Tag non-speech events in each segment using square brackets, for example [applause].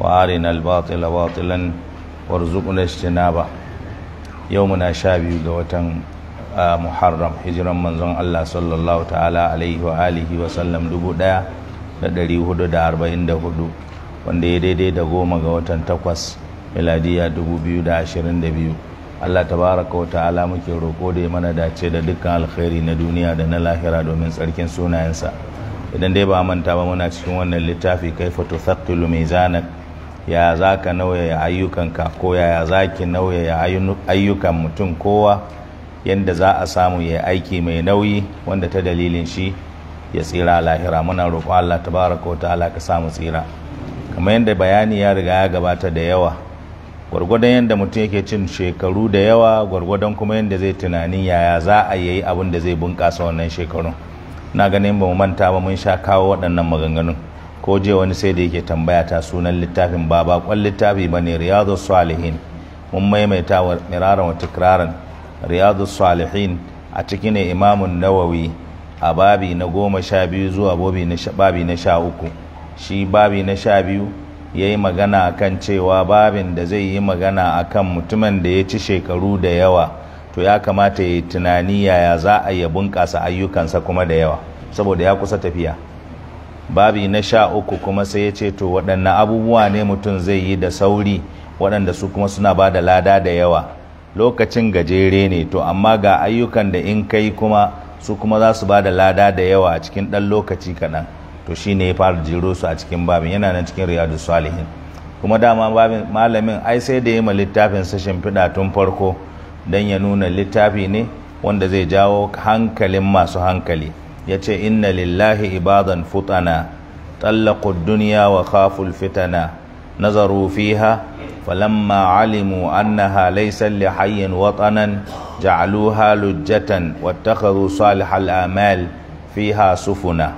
وارنا الباطل باطلا وارزقنا اجتنابه يومنا شابي غوتن محرم هجرا منزون الله صلى الله تعالى عليه وآله وسلم دبو دا da هدو hudu da arba'in da hudu wanda ya daidai da goma ga watan takwas miladiya dubu biyu da ashirin da biyu Allah tabaraka wa ta'ala muke roƙo da ya mana dace da dukkan alkhairi na duniya da na lahira domin tsarkin sunayensa idan dai ba manta ba muna cikin wannan littafi kaifa mai mizanak ya za ka nauyaya ayyukanka ko yaya za ki nauyaya ayyukan mutum kowa yadda za a samu ya aiki mai nauyi wanda ta dalilin shi ya tsira lahira muna roƙo Allah ta tabaraka wa ta'ala ka samu tsira kamar yadda bayani ya riga ya gabata da yawa gwargwadon yadda mutum yake cin shekaru da yawa gwargwadon kuma yadda zai tunanin yaya za a yi abin da zai bunƙasa wannan shekarun na ganin ba mu manta ba mun sha kawo waɗannan maganganun ko je wani sai da yake tambaya ta sunan littafin ba bakon littafi ba ne riyadu salihin mun maimaita wa miraran wata tikraran riyadu salihin a ciki ne imamun nawawi a babi na goma sha biyu zuwa babi na sha uku shi babi na sha biyu ya yi magana a kan cewa babin da zai yi magana a kan mutumin da ya ci shekaru da yawa to ya kamata ya yi tunani yaya za a ya bunƙasa ayyukansa kuma da yawa saboda ya kusa tafiya babi na sha uku kuma sai ya ce to waɗannan abubuwa ne mutum zai yi da sauri waɗanda su kuma suna ba da lada da yawa lokacin gajere ne to amma ga ayyukan da in kai kuma su kuma za su ba da lada da yawa a cikin ɗan lokaci kaɗan to shi ne ya fara jiro su a cikin babin yana nan cikin riyadu salihin kuma dama babin malamin ai sai da ya ma littafin sa shimfiɗa tun farko don ya nuna littafi ne wanda zai jawo hankalin masu hankali ya ce inna lillahi ibadan futana tallaqu duniya wa khaful fitana nazaru fiha falamma alimu annaha laysa li hayyin watanan ja'aluha lujjatan wattakhadhu salihal amal fiha sufuna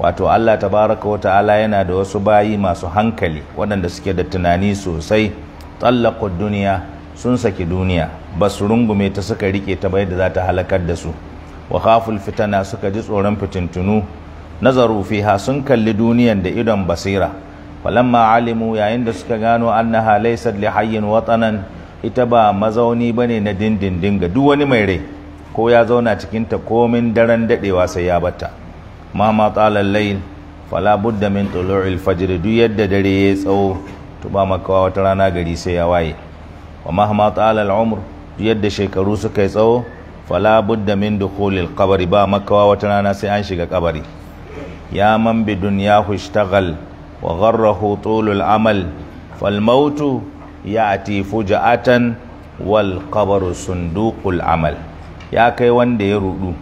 wato Allah tabaraka wata'ala ala yana da wasu bayi masu hankali waɗanda suke da tunani sosai talla duniya sun saki duniya basu rungume ta suka rike ta bai da za ta halakar da su wa khaful fitana suka ji tsoron fitintunu nazaru fiha sun kalli duniyan da idon basira falamma alimu yayin da suka gano annaha laysat li hayyin watanan ita ba mazauni bane na dindindin ga duk wani mai rai ko ya zauna cikin ta komin daren dadewa sai ya bata ma ma talal layl fala budda min tulu'il fajr duk yadda dare ya tsawo to ba makawa wata rana gari sai ya waye wa mahma talal umr duk yadda shekaru suka yi tsawo fala budda min dukhulil qabri ba makawa wata rana sai an shiga kabari ya man bi dunyahu ishtaghal wa gharrahu tulul amal fal mautu ya'ti fuja'atan wal qabru sunduqul amal ya kai wanda ya rudu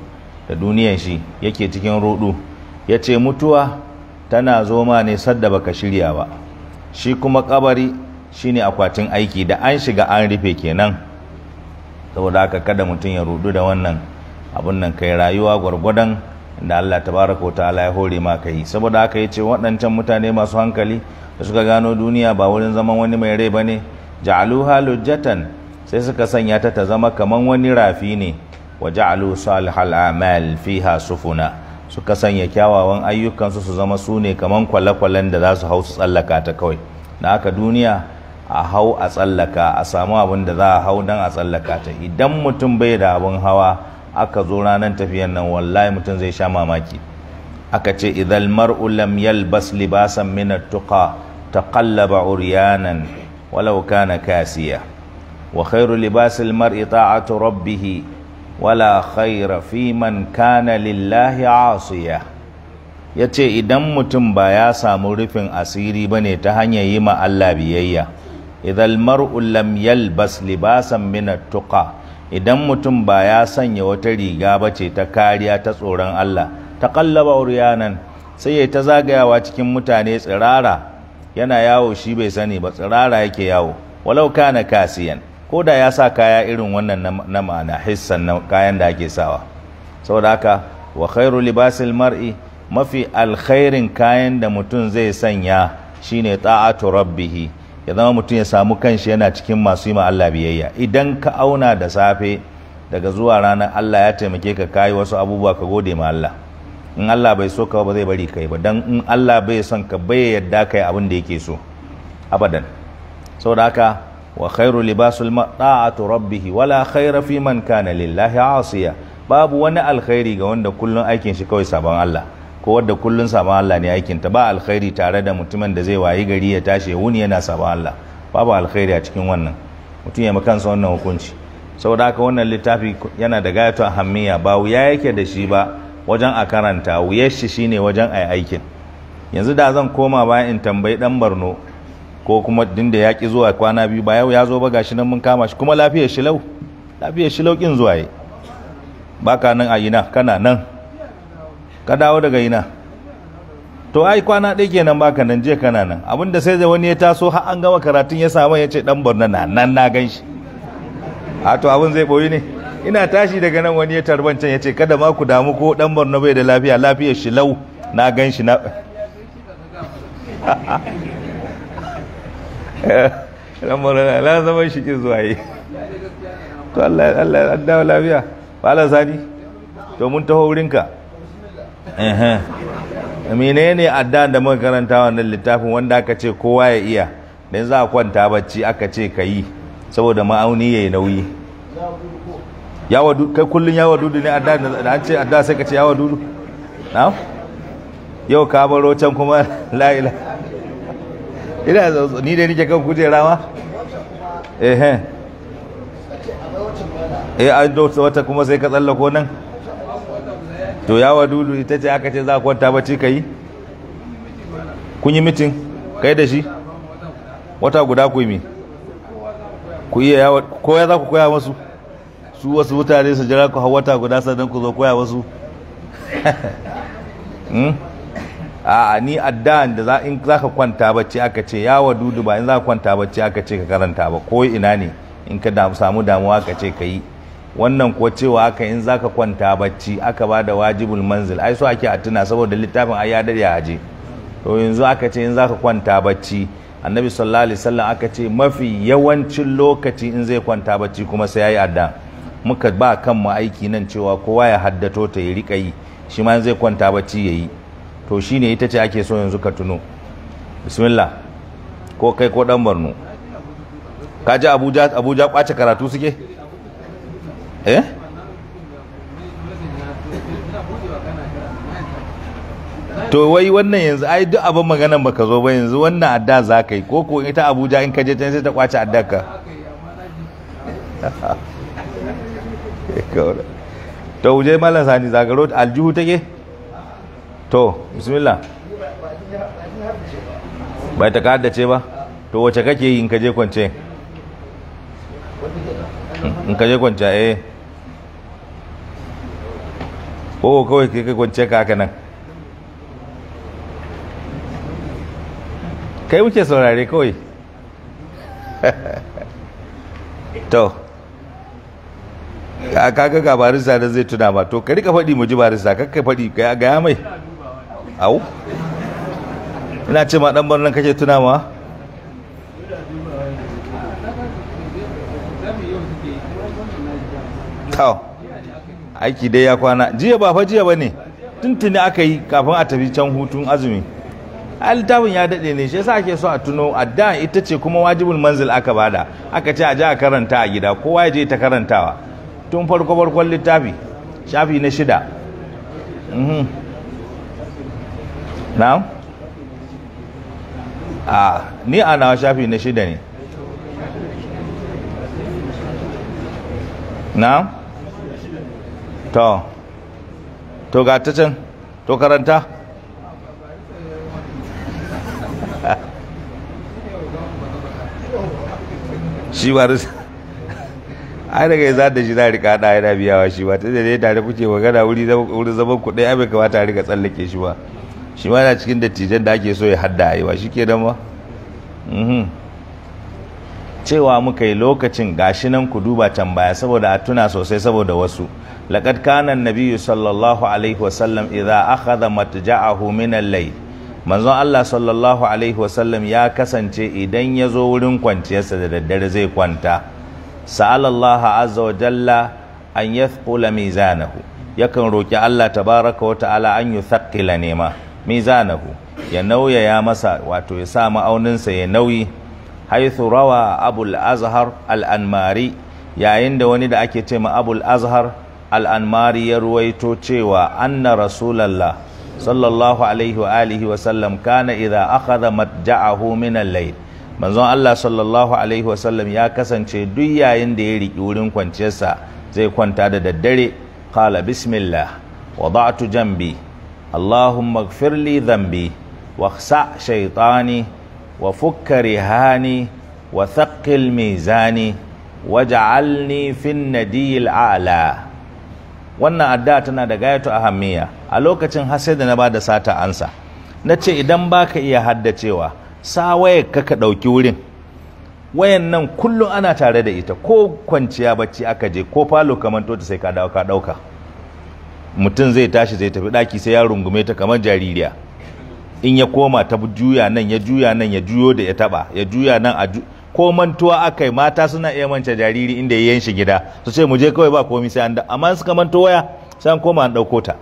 da duniyar shi yake cikin rudu yace mutuwa tana zo ma ne sadda baka shirya ba shi kuma kabari shine akwatin aiki da an shiga an rufe kenan saboda haka kada mutum ya rudu da wannan abun nan kai rayuwa gwargwadon da Allah tabaraka ta'ala ya hore ma kai saboda haka yace waɗancan mutane masu hankali da suka gano duniya ba wurin zaman wani mai rai bane ja'alu halujatan sai suka sanya ta ta zama kaman wani rafi ne wa ja'alu salihal a'mal fiha sufuna suka sanya kyawawan ayyukansu su zama su ne kaman kwale-kwalen da za su hau su tsallaka ta kawai na haka duniya a hau a tsallaka a samu abin da za a hau don a tsallaka ta idan mutum bai da abin hawa aka zo ranar tafiyan nan wallahi mutum zai sha mamaki aka ce idan mar'u lam yalbas libasan min tuqa taqallaba uryanan walau kana kasiya wa khairu libasil mar'i ta'atu rabbih wala khaira fi man kana lillahi asiya ya ce idan mutum ba ya samu rufin asiri ba ne ta hanyar yi ma Allah biyayya idan mar'ul lam yalbas libasan min tuqa idan mutum ba ya sanya wata riga ba ce ta kariya ta tsoron Allah ta kallaba uryanan sai ya ta zagayawa cikin mutane tsirara yana yawo shi bai sani ba tsirara yake yawo walau na kasiyan ko da ya sa kaya irin wannan na ma'ana hissan na kayan da ake sawa saboda haka wa khairu libasil mar'i mafi alkhairin kayan da mutum zai sanya shine ta'atu rabbihi ya zama mutum ya samu kanshi yana cikin masu yi ma biyayya idan ka auna da safe daga zuwa ranar Allah ya taimake ka kayi wasu abubuwa ka gode ma Allah in Allah bai so ka ba zai bari kai ba dan in Allah bai son ka bai yadda kai abin da yake so abadan saboda haka wa khairu libasul ta'atu rabbihi wala khaira fi man kana lillahi asiya babu wani alkhairi ga wanda kullum aikin shi kawai sabon Allah ko wadda kullun sabon Allah ne aikin ta ba alkhairi tare da mutumin da zai wayi gari ya tashi ya wuni yana sabon Allah babu alkhairi a cikin wannan mutum ya sa wannan hukunci saboda haka wannan littafi yana da gayatu ahammiya ba wuya yake da shi ba wajen a karanta wuyar shi shine wajen a aikin yanzu da zan koma ba in tambayi dan barno ko kuma din da yaki zuwa kwana biyu ba yau ya zo ba gashi nan mun kama shi kuma lafiyar shi lau lafiyar shi lau kin zuwa yi baka nan a ina kana nan ka dawo daga ina to ai kwana ɗaya kenan baka nan je kana nan abinda sai da wani ya taso har an gama karatun ya samu ya ce dan borno na nan na gan shi a to abin zai boyi ne ina tashi daga nan wani ya tarbancan ya ce kada ma ku damu ko dan borno bai da lafiya lafiyar shi lau na gan shi na dan borno na la zama shi kin zuwa yi to Allah Allah ya dawo lafiya ba Allah sani to mun taho wurinka menene addan da muka karanta wannan littafin wanda aka ce kowa ya iya dan za a kwanta bacci aka ce ka yi saboda ma'auni yayi nauyi yawa dudu kai kullun yawa dudu ne addan da an ce adda sai ka ce yawa dudu yau ka baro can kuma [laughs] la ilaha ina ni dai nike kan kujera ma eh eh eh an wata kuma sai ka tsallako nan to ya wadudu ita ce aka ce za a kwanta bacci ka yi kun yi mitin kai da shi wata guda ku yi ku iya yawa ko ya za ku koya wasu su wasu mutane su jira ku wata guda sannan ku zo koya wasu [laughs] hmm? a ni addan da za in za ka kwanta bacci aka ce ya wadudu ba in za ka kwanta bacci aka ce ka karanta ba ko ina ne in ka samu damuwa aka ce ka yi wannan ko cewa aka in zaka kwanta bacci aka ba da wajibul manzil ai so ake a tuna saboda littafin ai ya dade haje to yanzu aka ce in zaka kwanta bacci annabi sallallahu alaihi wasallam aka ce mafi yawancin lokaci in zai kwanta bacci kuma sai yayi adda muka ba kan mu aiki nan cewa kowa ya haddato ta ya rika yi shi ma zai kwanta bacci yayi to shine ita ce ake so yanzu ka tuno bismillah ko kai ko dan barno kaji Abuja Abuja kwace karatu suke eh to wai wannan yanzu ai duk abin maganan baka zo ba yanzu wannan adda za ka yi ko ko ita abuja in ka je can sai ta kwace addarka [laughs] to wuje malam sani zagaro aljihu take to bismillah bai ta ce ba to wace kake yi in ka je kwance in ka je kwance eh ko oh, kawai kai kwance ka haka nan kai muke saurare kawai [laughs] to a kaga ga barista da zai tuna ma to ka faɗi mu ji barista ka faɗi ka gaya mai au ina ce ma ɗan barnan kake tuna ma to aiki dai ya kwana jiya ba fa jiya ba ne tuntuni aka yi kafin a tafi can hutun azumi a littafin ya daɗe ne shi yasa ake so a tuno a da ita ce kuma wajibul manzil aka bada aka ce a ji a karanta a gida kowa ya je ta karantawa tun farko farkon littafi shafi na shida mhm. na. a ni a nawa shafi na shida ne na'am to to ga ta can to karanta [laughs] shi ba rusa [laughs] ai daga za da shi za rika da yana biyawa shi ba ta da tare kuke magana wuri zaman kuɗi ai bai kamata a rika tsallake shi ba shi ma na cikin dattijan da ake so ya hadda a yi shi ke nan ba mhm. cewa muka yi lokacin gashi nan ku duba can baya saboda a tuna sosai saboda wasu لقد كان النبي صلى الله عليه وسلم إذا أخذ متجعه من manzon Allah sallallahu ya kasance idan ya zo wurin kwanciyarsa da daddare zai kwanta sa'alallah azza wa jalla an yathqula mizanahu yakan roki Allah tabaraka wa ta'ala an yuthaqqila nema mizanahu ya nauyaya masa wato ya sa ma'auninsa ya nauyi haithu rawa abul azhar al-anmari yayin da wani da ake ce ma abul azhar al'anmari ya ruwaito cewa anna rasulallah sallallahu alaihi wa alihi wasallam kana idha akhadha matja'ahu min al-layl manzon Allah sallallahu alaihi wasallam ya kasance duk yayin da ya riki wurin kwanciyarsa zai kwanta da daddare qala bismillah wada'tu jambi allahumma ighfirli dhanbi wakhsa shaytani wa fukka rihani wa thaqqil mizani waj'alni fin nadiyil a'la wannan addu'a tana da gayatu ahammiya a lokacin har da na bada sata ansa na ce idan baka iya haddacewa sa wayar ka ka ɗauki wurin wayan nan kullum ana tare da ita ko kwanciya bacci aka je ko falo kamar tota sai ka dawo ka ɗauka mutum zai tashi zai tafi ɗaki sai ya rungume ta kamar jaririya in ya koma ta juya nan ya juya nan ya juyo da ya taɓa ya juya nan a ko mantuwa yi mata suna iya manta jariri inda yayin shi gida su ce mu je kawai ba komai sai an da amma suka manto waya sai an koma an dauko ta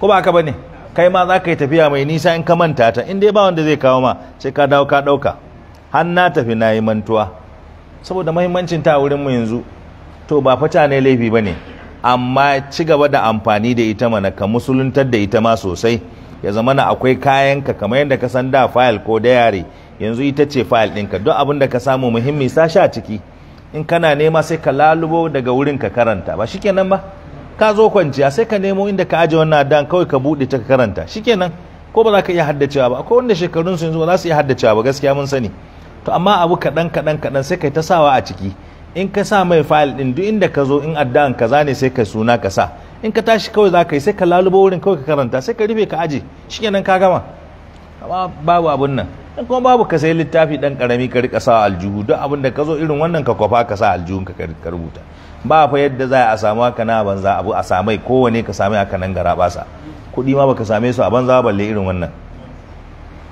ko ba haka bane kai ma za ka yi tafiya mai nisa in ka manta ta inda dai ba wanda zai kawo ma sai ka dawo ka dauka har na tafi na yi mantuwa saboda muhimmancin ta wurin mu yanzu to ba fata ne laifi bane amma ci gaba da amfani da ita mana ka musuluntar da ita ma sosai ya zama na akwai kayanka kamar yadda ka san da fayil ko da yare yanzu ita ce fayil ɗinka don abin da ka samu muhimmi sa sha ciki in kana nema sai ka lalubo daga wurin ka karanta ba shikenan ba ka zo kwanciya sai ka nemo inda ka aje wannan dan kawai ka buɗe ta ka karanta shikenan ko ba za ka iya haddacewa ba akwai wanda shekarun su yanzu ba za su iya haddacewa ba gaskiya mun sani to amma abu kaɗan kaɗan kaɗan sai kai ta sawa a ciki in ka sa mai fayil ɗin duk inda ka zo in addu'an kaza ne sai ka suna ka sa in ka tashi kawai za ka yi sai ka lalubo wurin kawai ka karanta sai ka rufe ka aje shikenan ka gama amma babu abun nan dan kuma babu ka sai littafi dan karami ka rika sa aljihu duk abin da ka zo irin wannan ka kwafa ka sa aljuhun ka ka rubuta ba fa yadda za a samu haka na banza abu a samai kowane ka same haka nan gara basa kuɗi ma baka same su a banza balle irin wannan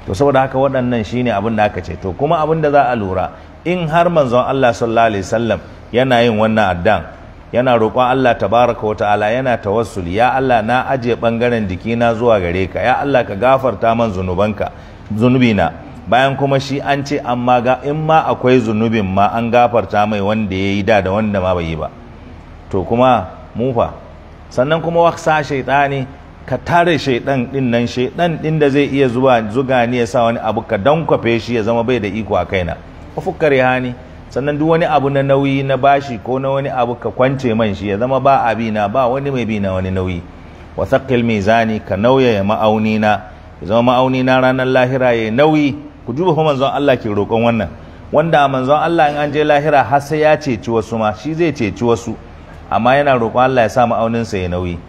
to saboda haka waɗannan shine abin da aka ce to kuma abin da za a lura in har manzon Allah sallallahu alaihi wasallam yana yin wannan addan yana roƙon Allah tabaraka wa ta'ala yana tawassul ya Allah na aje bangaren na zuwa gare ka ya Allah ka gafarta man zunubanka zunubina bayan kuma shi an ce an ma ga in ma akwai zunubin ma an gafarta mai wanda ya yi da da wanda ma bai yi ba to kuma mufa sannan kuma waksa shaitani ka tare shaidan din nan shaidan din da zai iya zuwa zuga ni ya sa wani abu ka dankwafe shi ya zama bai da iko a kai kaina ufukkar hani sannan duk wani abu na nauyi na bashi ko na wani abu ka kwance man shi ya zama ba na ba wani mai bi na wani nauyi wa thaqqil mizani ka nauyaya ma'auni na ya zama ma'auni na ranar lahira ya nauyi ku duba fa manzon Allah ke roƙon wannan wanda manzon Allah in an je lahira har sai ya ceci wasu ma shi zai ceci wasu amma yana roƙon Allah ya sa aunin sa ya nauyi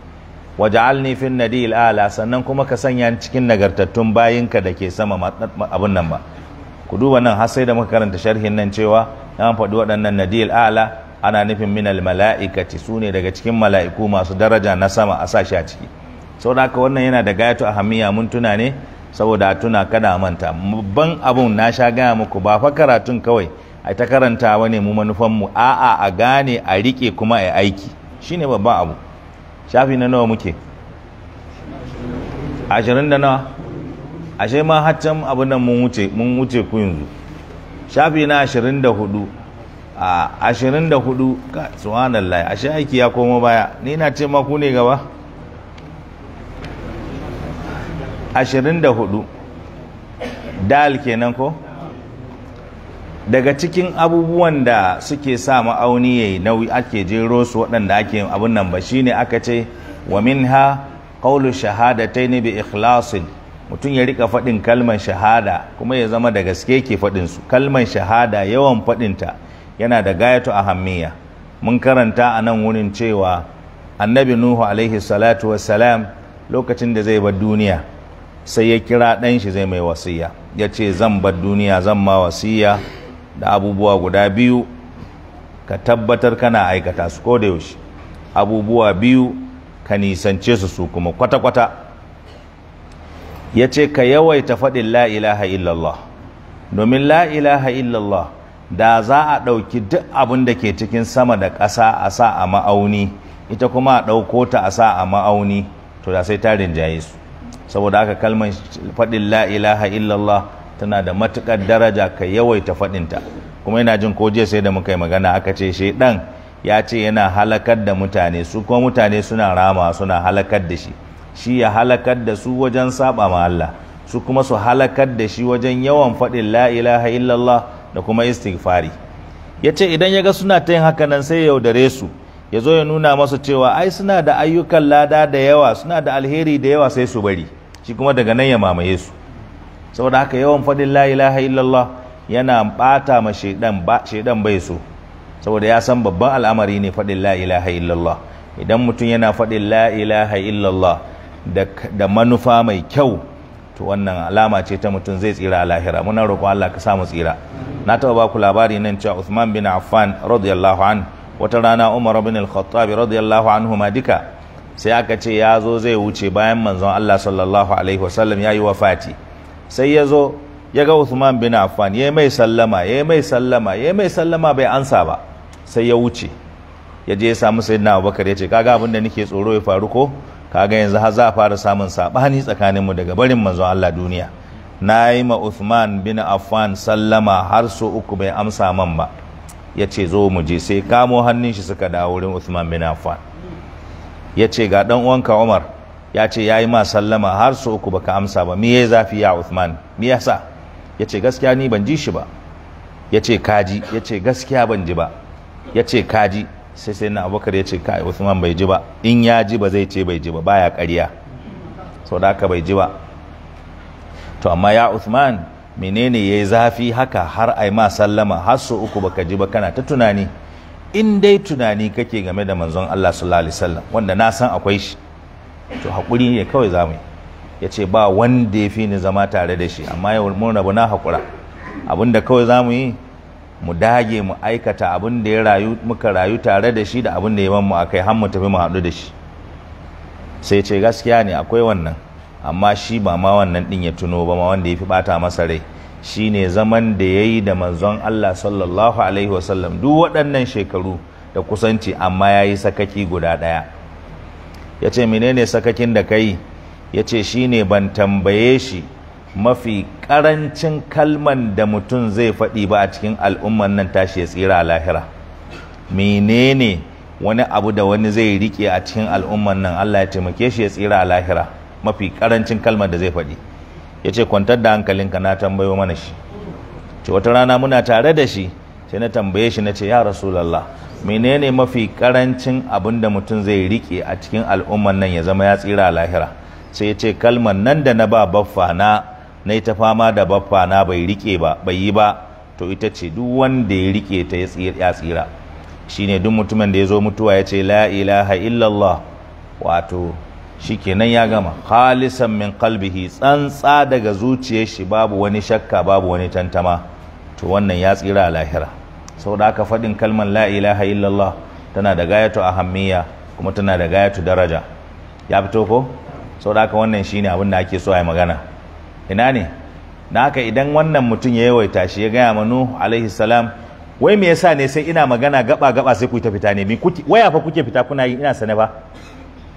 waj'alni fi nadil ala sannan kuma ka sanya ni cikin nagartattun bayinka da ke sama abun nan ba ku duba nan har sai da muka karanta sharhin nan cewa an faɗi waɗannan nadil ala ana nufin al mala'ikati sune daga cikin mala'iku masu daraja na sama a sashi a ciki saboda haka wannan yana da gayatu ahammiya mun tuna ne saboda a tuna kada manta babban abun na sha gaya muku ba fa karatun kawai ai ta karanta ne mu mu. a'a a gane a rike kuma ai aiki shine babban abu shafi na nawa muke ashirin da nawa ashe ma haccan abun nan mun wuce mun wuce ku yanzu shafi na ashirin da hudu a ashirin da hudu subhanallah ashe aiki ya komo baya ni na ce ma ku ne gaba ashirin da dal kenan ko daga cikin abubuwan da suke sa ma'auni yayi nauyi ake jero su waɗanda ake abun nan ba shine aka ce wa minha qawlu shahadatayn bi ikhlasin mutum ya rika faɗin kalmar shahada kuma ya zama da gaske ke faɗin su kalmar shahada yawan faɗinta yana da gayatu ahammiya mun karanta a nan wurin cewa annabi nuhu alaihi salatu wassalam lokacin da zai bar duniya sai ya kira ɗan shi zai mai wasiya ya ce zan bar duniya zan ma wasiya da abubuwa guda biyu ka tabbatar kana aikata su ko da yaushe abubuwa biyu ka nisance su su kuma kwata-kwata ya ce ka yawaita faɗin la ilaha illallah domin la ilaha illallah da za a ɗauki duk abin da ke cikin sama da ƙasa a sa a ma'auni ita kuma a ɗauko ta a sa a ma'auni to da sai ta rinjaye su saboda aka kalmar faɗin la ilaha illallah tana da matuƙar daraja ka yawaita faɗinta kuma yana jin ko jiya sai da muka yi magana aka ce shaidan ya ce yana halakar da mutane su kuma mutane suna rama suna halakar da shi shi ya halakar da su wajen saba ma Allah su kuma su halakar da shi wajen yawan faɗin la ilaha illallah da kuma istighfari ya ce idan ya ga suna ta yin haka nan sai yaudare su ya zo ya nuna masu cewa ai suna da ayyukan lada da yawa suna da alheri da yawa sai su bari shi kuma daga nan ya mamaye su saboda haka yawan faɗin la ilaha illallah yana ɓata ma shaidan bai so saboda ya san babban al'amari ne faɗin la ilaha illallah idan mutum yana faɗin la ilaha illallah da manufa mai kyau to wannan alama ce ta mutum zai tsira a lahira muna roƙon Allah ka samu tsira na taɓa ba ku labari nan cewa usman bin Affan radiyallahu an wata rana Umar bin Al-Khattab radiyallahu anhu ma duka sai aka ce ya zo zai wuce bayan manzon Allah sallallahu alaihi wasallam ya yi wafati sai ya zo ya ga Uthman bin Affan ya mai sallama ya mai sallama ya mai sallama bai ansa ba sai ya wuce ya je ya samu sayyidina Abubakar ya ce kaga abin da nake tsoro ya faru ko kaga yanzu har za fara samun sabani tsakanin mu daga barin manzon Allah duniya na yi ma Uthman bin Affan sallama har so uku bai amsa man ba ya ce zo mu je sai kamo hannun shi suka dawo wurin Uthman bin Affan ya ce ga ɗan uwanka Umar ya ce ya yi ma sallama har su uku baka amsa ba miye zafi ya Uthman miye sa ya ce gaskiya ni ban ji shi ba ya ce kaji ya ce gaskiya ban ji ba ya ce kaji sai sai na abokar ya ce kai Uthman bai ji ba in ya ji ba zai ce bai ji ba baya ƙarya sau da haka bai ji ba to amma ya Uthman menene ya yi zafi haka har ai ma sallama har su uku baka ji ba kana ta tunani in dai tunani kake game da manzon Allah sallallahu alaihi wasallam wanda na san akwai shi to hakuri ne kawai zamu ya ce ba wanda yafi fi ni zama tare da shi amma yau mun rabu na hakura abinda kawai zamu yi mu dage mu aikata abinda ya rayu muka rayu tare da shi da abin da ya mu akai har mu tafi mu haɗu da shi sai ce gaskiya ne akwai wannan amma shi ba ma wannan din ya tuno ba ma wanda ya fi bata masa rai shine zaman da ya yi da manzon Allah sallallahu alaihi wasallam duk waɗannan shekaru da kusanci amma ya yi sakaki guda ɗaya ya ce menene sakakin da kai ya ce shi ne ban tambaye shi mafi ƙarancin kalman da mutum zai faɗi ba a cikin al'umman nan tashi ya tsira a lahira menene wani abu da wani zai riƙe a cikin al'umman nan Allah ya taimake shi ya tsira lahira mafi ƙarancin kalman da zai faɗi ya ce kwantar da hankalinka na tambayo mana shi ce wata rana muna tare da shi sai na tambaye shi na ce ya rasulallah menene mafi karancin abin da mutum zai rike a cikin al'umman nan ya zama ya tsira a lahira sai ya ce kalman nan da na ba baffa na na ta fama da baffa na bai riƙe ba bai yi ba to ita ce duk wanda ya rike ta ya tsira shine duk mutumin da ya zo mutuwa ya ce la ilaha illallah wato shikenan ya gama khalisan min kalbihi tsantsa daga zuciyar shi babu wani shakka babu wani tantama to wannan ya tsira a lahira saboda haka faɗin kalmar la ilaha illallah tana da gayatu ahammiya kuma tana da gayatu daraja ya fito ko saboda haka wannan shine abin da ake so a yi magana ina ne na haka idan wannan mutum ya yawaita shi ya gaya manu alaihi salam wai me yasa ne sai ina magana gaba gaba sai ku ta fita ne mi kuke waya fa kuke fita kuna yi ina sane ba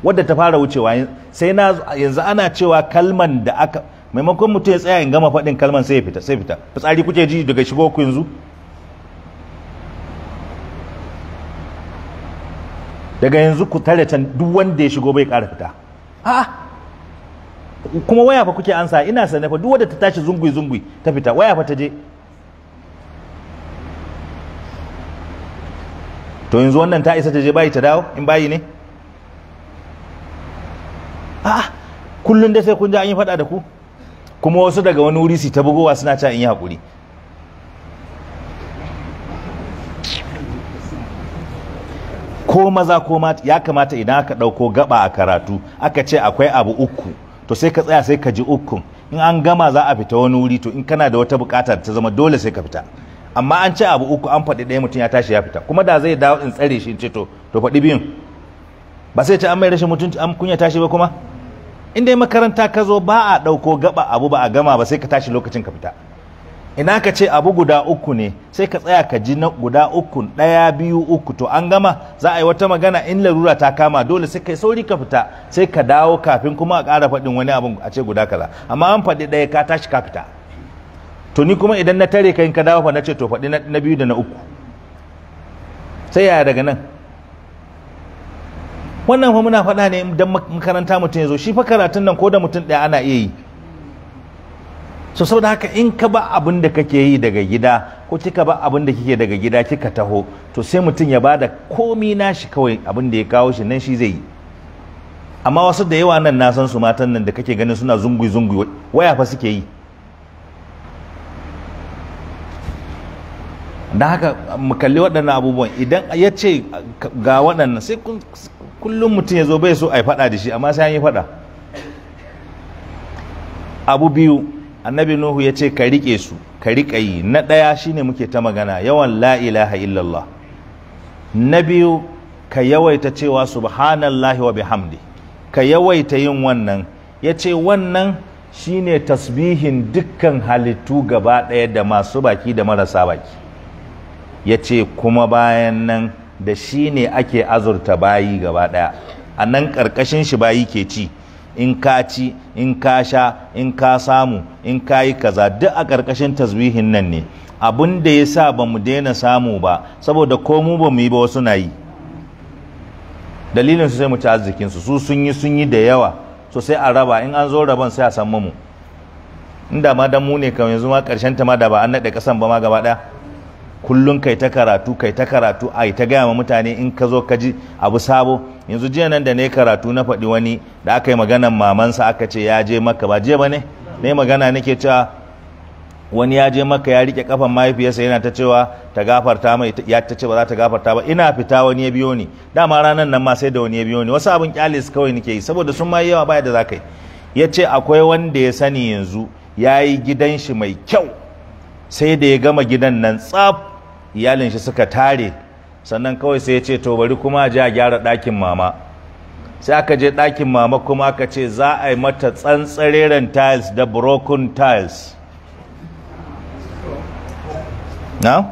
wadda ta fara wucewa sai na yanzu ana cewa kalman da aka maimakon mutum ya tsaya in gama faɗin kalman sai ya fita sai fita fitsari kuke ji daga shigo ku yanzu daga yanzu ku tare can duk wanda ya shigo bai ƙara fita a kuma waya fa kuke ansa ina sane fa duk wanda ta tashi zungui zungui ta fita waya fa ta je to yanzu wannan ta isa ta je bayi ta dawo in bayi ne a'a kullum da sai kun ji an yi faɗa da ku kuma wasu daga wani wuri su ta bugowa suna can in yi haƙuri ko maza ko mata ya kamata idan aka ɗauko gaba a karatu aka ce akwai abu uku to sai ka tsaya sai ka ji uku in an gama za a fita wani wuri to in kana da wata bukata ta zama dole sai ka fita amma an ce abu uku an faɗi ɗaya mutum ya tashi ya fita kuma da zai dawo in tsare shi in ce to to faɗi biyun ba sai ce an mai rashin mutunci an kunya tashi ba kuma in dai makaranta ka zo ba a ɗauko gaba abu ba a gama ba sai ka tashi lokacin ka fita ina ka ce abu guda uku ne sai ka tsaya ka ji na guda uku ɗaya biyu uku to an gama za a yi wata magana in larura ta kama dole sai kai sauri ka fita sai ka dawo kafin kuma a ƙara faɗin wani abu a ce guda kaza amma an faɗi ɗaya ka tashi ka fita to ni kuma idan na tare ka in ka dawo fa na ce to faɗi na biyu da na uku sai yaya daga nan wannan fa muna faɗa ne don makaranta mutum ya zo shi fa karatun nan ko da mutum ɗaya ana iya yi so saboda haka in ka ba abin da kake yi daga gida ko kika ba abin da kike daga gida kika taho to sai mutum ya ba da komi nashi kawai abin da ya kawo shi nan shi zai yi amma wasu da yawa nan na san su matan nan da kake ganin suna zungu zungu waya fa suke yi da haka mu kalli waɗannan abubuwan idan ya ce ga waɗannan sai kullum mutum ya zo bai so a yi faɗa da shi amma sai an yi faɗa abu biyu annabi nuhu ya ce ka riƙe su ka riƙa yi na ɗaya shine muke ta magana yawan la illallah na biyu ka yawaita cewa subhanallahi wa bihamdi ka yawaita yin wannan ya ce wannan shine tasbihin dukkan halittu gaba ɗaya da masu baki da marasa baki ya ce kuma bayan nan da shi ne ake azurta bayi gaba ɗaya a nan ƙarƙashin shi bayi ke ci in ka ci in ka sha in ka samu in ka yi kaza duk a ƙarƙashin tasbihin nan ne abin da ya sa ba mu daina samu ba saboda ko mu ba mu yi ba wasu na yi dalilin su sai mu ci arzikinsu su sun yi sun yi da yawa so sai a raba in an zo raban sai a san mu inda ma dan mu ne kamar yanzu ma ƙarshen ta ma da ba an naɗe ƙasan ba ma gaba ɗaya kullum kai ta karatu kai ta karatu ai ta gaya ma mutane in ka zo ka ji abu sabo yanzu jiya nan da ne karatu na faɗi wani da aka yi maganan mamansa aka ce ya je maka ba jiya ba ne ne magana nake cewa wani ya je maka ya rike kafan mahaifiyarsa yana ta cewa ta gafarta mai ya ta ce ba za ta gafarta ba ina fita wani ya biyo ni dama ranar nan ma sai da wani ya biyo ni wasu abin kyalis kawai nake yi saboda sun ma yawa baya da za ka yi ya ce akwai wanda ya sani yanzu ya yi gidan shi mai kyau sai da ya gama gidan nan tsaf iyalin shi suka tare sannan kawai sai ya ce to bari kuma a gyara ɗakin mama sai aka je ɗakin mama kuma aka ce za a yi mata tsantsareren tiles da broken tiles na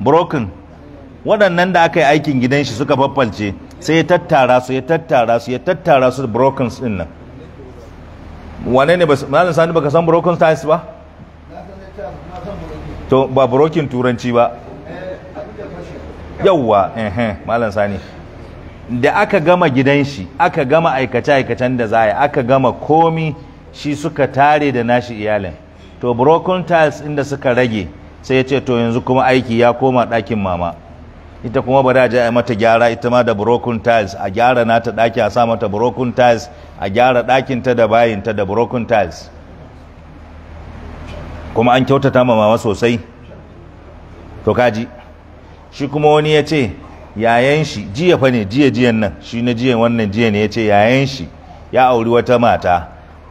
broken waɗannan da aka yi aikin gidan shi suka faffalce sai ya tattara su ya tattara su ya tattara su da broken din nan wane ne malam sani baka san broken tiles ba to ba broken turanci ba yauwa malam sani da aka gama gidan shi aka gama aikace-aikacen da za aka gama komi shi suka tare da nashi iyalin to broken tiles inda suka rage sai ya ce to yanzu kuma aiki ya koma ɗakin mama ita kuma ba da a mata gyara ita ma da broken tiles a gyara nata ɗaki a sa mata broken tiles a gyara ɗakinta da bayinta da broken tiles kuma an kyautata ma mama sosai to kaji shi kuma wani ya ce yayan shi jiya fa ne jiya jiyan nan shi na jiya wannan jiya ne ya ce yayan shi ya auri wata mata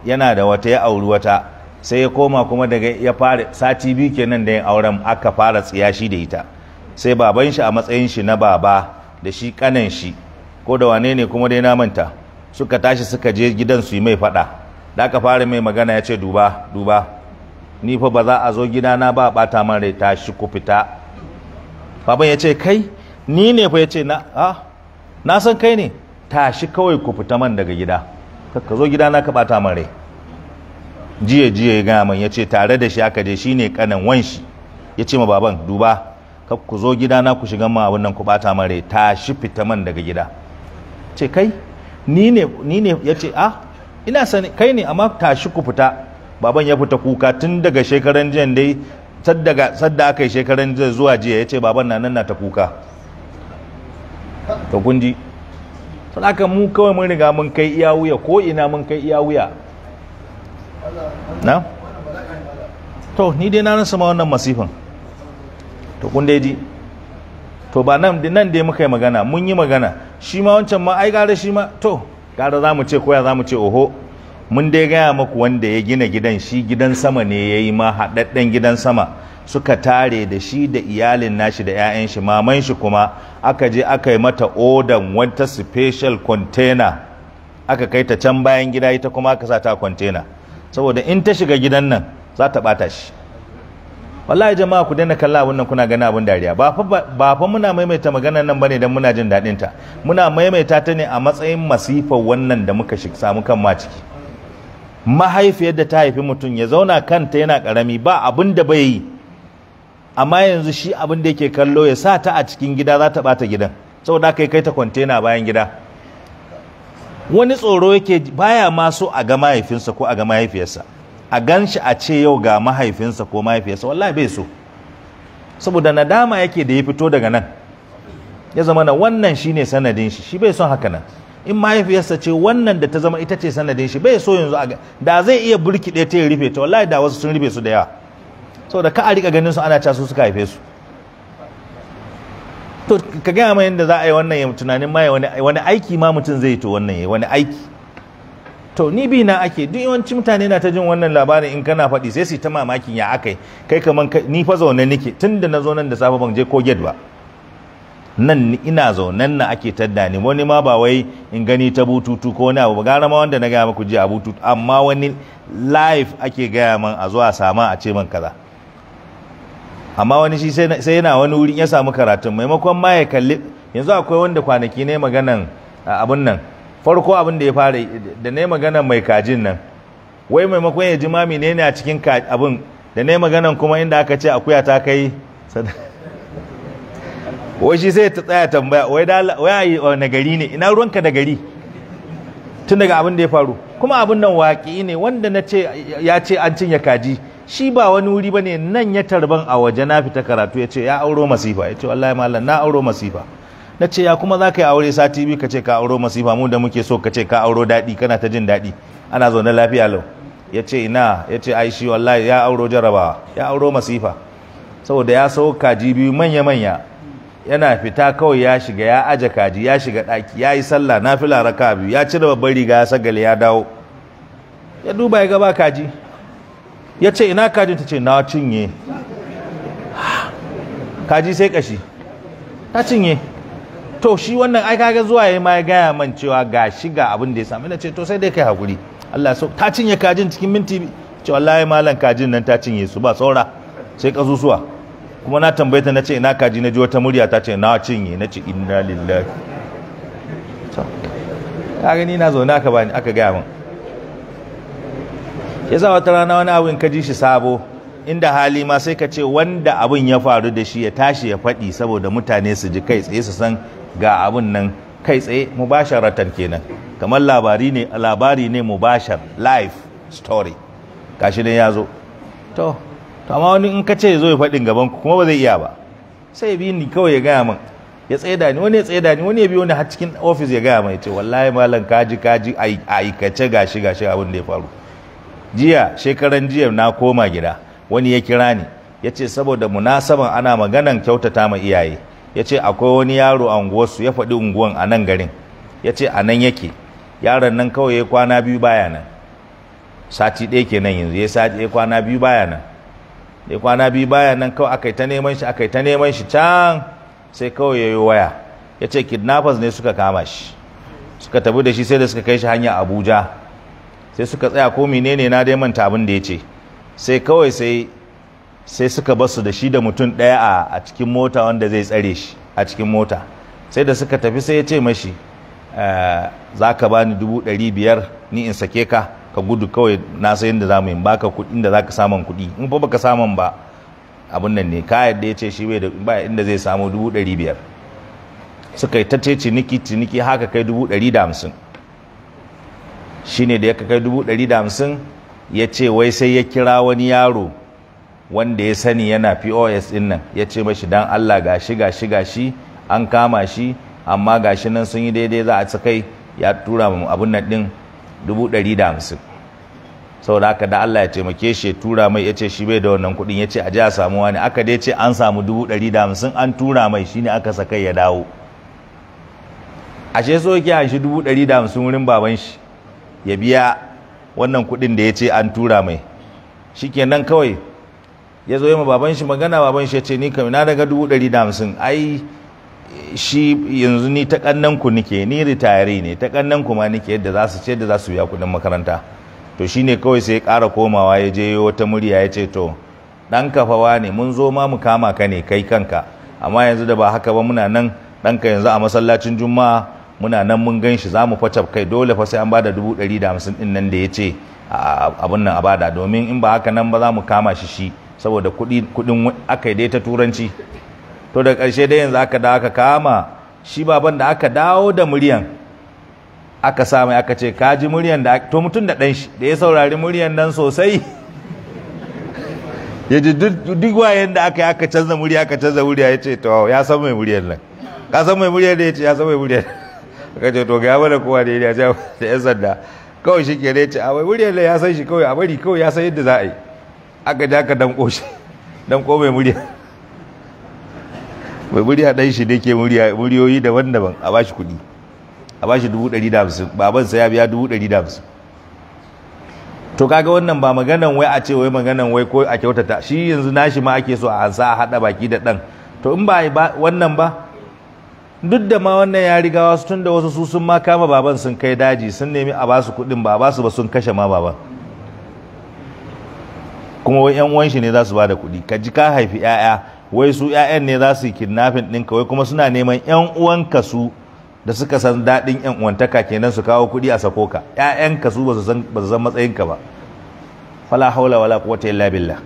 yana da wata ya auri wata sai ya koma kuma daga ya fara sati biyu kenan da ya auren aka fara tsiya shi da ita sai baban shi a matsayin shi na baba da shi kanan shi ko da wane ne kuma dai na manta suka tashi suka je gidan su yi mai fada da aka fara mai magana ya ce duba duba ni fa ba za a zo gidana ba bata man rai tashi ku fita baban ya ce kai ni ne fa ya ce na a na san kai ne tashi kawai ku fita man daga gida ka zo gida na ka bata man rai jiya jiye ya gaya man ya ce tare da shi aka je shi ne kanan wanshi ya ce ma baban duba ku zo gida na ku shiga ma nan ku bata man rai tashi fita man daga gida ce kai ni ne ni ne ya ce a ah, ina sani kai ne amma tashi ku fita baban ya fita kuka tun daga shekaran jiyan dai sadda aka yi shekaran zuwa jiya ya ce baban na nan na ta kuka to kun sun aka mu kawai mun riga mun kai iya wuya ko ina mun kai iya wuya na to ni dai na rasa ma wannan masifin to kun dai ji to ba nan nan dai muka yi magana mun yi magana shi ma wancan ma ai gara shi ma to gara za mu ce koya za mu ce oho mun dai gaya maku wanda ya gina gidan shi gidan sama ne ya yi ma haɗaɗɗen gidan sama suka tare da shi da iyalin nashi da 'ya'yan shi maman shi kuma aka je aka yi mata odan wata special container aka kai ta can bayan gida ita kuma aka sa ta container saboda in ta shiga gidan nan za ta ɓata shi wallahi jama'a ku daina kalla nan kuna gani abin dariya ba fa muna maimaita maganar nan bane dan muna jin dadin ta muna maimaita ta ne a matsayin masifar wannan da muka samu kan ma ciki mahaifiyar da ta haifi mutum ya zauna kanta yana karami ba abin da bai yi amma yanzu shi abin da yake kallo ya sa ta a cikin gida za ta bata gidan saboda kai kai ta kwantena bayan gida wani tsoro yake baya ma so a ga mahaifinsa ko a ga mahaifiyarsa a gan shi a ce yau ga mahaifinsa ko mahaifiyarsa wallahi bai so saboda nadama yake da ya fito daga nan ya zama na wannan shine sanadin shi shi bai son haka nan in mahaifiyarsa ce wannan da ta zama ita ce sanadin shi bai so yanzu a da zai iya burki ɗaya ta yi rufe ta wallahi da wasu sun rufe su da yawa saboda ka a rika ganin su ana ca su suka haife su to ka gaya mai yadda za a yi wannan ya tunanin ma wani aiki ma mutum zai to wannan ya wani aiki to ni bi na ake duk yawanci mutane na ta jin wannan labarin in kana faɗi sai su ta mamakin ya akai kai kaman ni fa zaune nake da na zo nan da safe ban je ko gate ba nan ina zaunan na ake tadda ni wani ma ba wai in gani ta bututu ko wani abu ba gara ma wanda na gaya muku ji a bututu amma wani life ake gaya man a zuwa sama a ce man kaza amma wani shi sai yana wani wuri ya samu karatun maimakon ma ya kalli yanzu akwai wanda kwanaki ne maganan abun nan farko abin da ya fara da ne maganan mai kajin nan wai maimakon ya ji ne ne a cikin abun da ne maganan kuma inda aka ce akuya ta kai sadaka wai shi sai ta tsaya tambaya wai wai na gari ne ina ruwanka da gari tun daga abin da ya faru kuma abin nan waƙi ne wanda na ce ya ce an cinye kaji shi ba wani wuri ba ne nan ya tarban a waje na fita karatu ya ce ya auro masifa ya ce wallahi malam na auro masifa na ce ya kuma za ka yi aure sati biyu ka ce ka auro masifa mu da muke so ka ce ka auro daɗi kana ta jin daɗi ana zaune lafiya lau ya ce ina ya ce ai shi wallahi ya auro jarabawa ya auro masifa saboda ya sau kaji biyu manya-manya yana fita kawai ya shiga ya aje kaji ya shiga ɗaki ya yi sallah na fila raka biyu ya cire babban riga ya sagale ya dawo ya duba ya gaba kaji ya ce ina kajin ta ce na cinye kaji sai kashi ta cinye to shi wannan ai kaga zuwa ya ma ya gaya man cewa ga shiga ga abin da ya sami na ce to sai dai kai hakuri Allah so ta cinye kajin cikin minti ce wallahi malam kajin nan ta cinye su ba saura sai suwa. kuma na tambaye ta nace ina kaji na ji wata murya ta ce na cinye nace inna lillahi ka gani na zaune aka bani aka gaya min sa wata rana wani abin ka ji shi sabo inda hali ma sai ka ce wanda abin ya faru da shi ya tashi ya faɗi saboda mutane su ji kai tsaye su san ga abin nan kai tsaye mubasharatan kenan kamar labari ne labari ne mubashar live story gashi ne ya zo to to amma wani in ka ce zo ya faɗin gaban ku kuma ba zai iya ba sai bi ni kawai ya gaya min ya tsaida ni wani ya tsaida ni wani ya bi ni har cikin ofis ya gaya ya ce wallahi malam kaji kaji aikace gashi gashi abin da ya faru jiya shekaran jiya na koma gida wani ya kira ni ya ce saboda munasaban ana maganan kyautata ma iyaye ya ce akwai wani yaro a unguwarsu ya faɗi unguwan a nan garin ya ce a nan yake yaron nan kawai ya kwana biyu baya nan sati ɗaya kenan yanzu ya sati ya kwana biyu baya nan da kwana biyu baya nan kawai aka yi ta neman shi aka yi ta neman shi can sai kawai ya yi waya ya ce kidnappers ne suka kama shi suka tafi da shi sai da suka kai shi hanya abuja sai suka tsaya ko menene na dai manta abin da ya ce sai kawai sai sai suka basu da shi da mutum ɗaya a cikin mota wanda zai tsare shi a cikin mota sai da suka tafi sai ya ce mashi eh, za ka bani dubu ɗari biyar ni in sake ka ka gudu kawai na sayan da zamu yi baka inda za ka samun kuɗi in fa baka samun ba abin nan ne ka yadda ya ce shi bai da ba inda zai samu dubu ɗari biyar suka yi ta ce ciniki ciniki haka kai dubu ɗari da hamsin shine da ya kai dubu ɗari da hamsin ya ce wai sai ya kira wani yaro wanda ya sani yana pos ɗin nan ya ce mashi dan allah gashi gashi gashi an kama shi amma gashi nan sun yi daidai za a kai ya tura mu abun nan ɗin dubu ɗari da hamsin saboda haka da Allah ya taimake shi ya tura mai ya ce shi bai da wannan kuɗin ya ce a ji a samu wani aka dai ce an samu dubu ɗari da hamsin an tura mai shi ne aka sakai ya dawo ashe so yake hanshi dubu ɗari da hamsin wurin baban shi ya biya wannan kuɗin da ya ce an tura mai shi nan kawai ya zo yi ma baban shi magana baban shi ya ce ni kam na daga dubu ɗari da hamsin ai shi yanzu ni ta kannan ku nike ni ritayari ne ta kannan ku ma nike yadda za su ce da za su biya kuɗin makaranta to shine kawai sai ya ƙara komawa ya je wata murya ya ce to ɗan kafawa ne mun zo ma mu kama ka ne kai kanka amma yanzu da ba haka ba muna nan ɗanka yanzu a masallacin juma'a muna nan mun gan shi za mu facaf kai dole fa sai an bada dubu ɗari da hamsin ɗin nan da ya ce abin nan a bada domin in ba haka nan ba za mu kama shi shi saboda kuɗin aka yi dai ta turanci to da ƙarshe dai yanzu aka dawo aka kama shi baban da aka dawo da muryan aka sa aka ce ka ji muryan da to mutum da ɗan shi da ya saurari muryan nan sosai [laughs] ya ji duk wayan da aka yi aka canza murya aka canza murya ya ce to ya san mai muryan nan ka san mai muryan da ya ce ya san mai muryan [laughs] aka ce to ga mana kowa da ya ce da yan sanda kawai shi ke ce a wai muryan nan ya san shi kawai a bari kawai ya san yadda za a yi aka ja ka damko shi [laughs] damko mai muryan mai murya dan shi ne ke muryoyi daban-daban a bashi kuɗi a bashi dubu ɗari da hamsin baban sa ya biya dubu ɗari da hamsin to kaga wannan ba maganan wai a ce wai maganan wai ko a kyautata shi yanzu nashi ma ake so a ansa a haɗa baki da ɗan to in ba wannan ba duk da ma wannan ya riga wasu tun da wasu su sun ma kama baban sun kai daji sun nemi a basu kuɗin ba basu ba sun kashe ma baban kuma wai yan uwan shi ne za su ba da kuɗi ka ji ka haifi 'ya'ya wai su 'ya'yan ne za su yi kidnapping ɗin kawai kuma suna neman 'yan uwanka su da suka san daɗin 'yan uwantaka kenan su kawo kuɗi a sako ka 'ya'yanka su ba su san matsayinka ba fala haula wala quwwata illa billah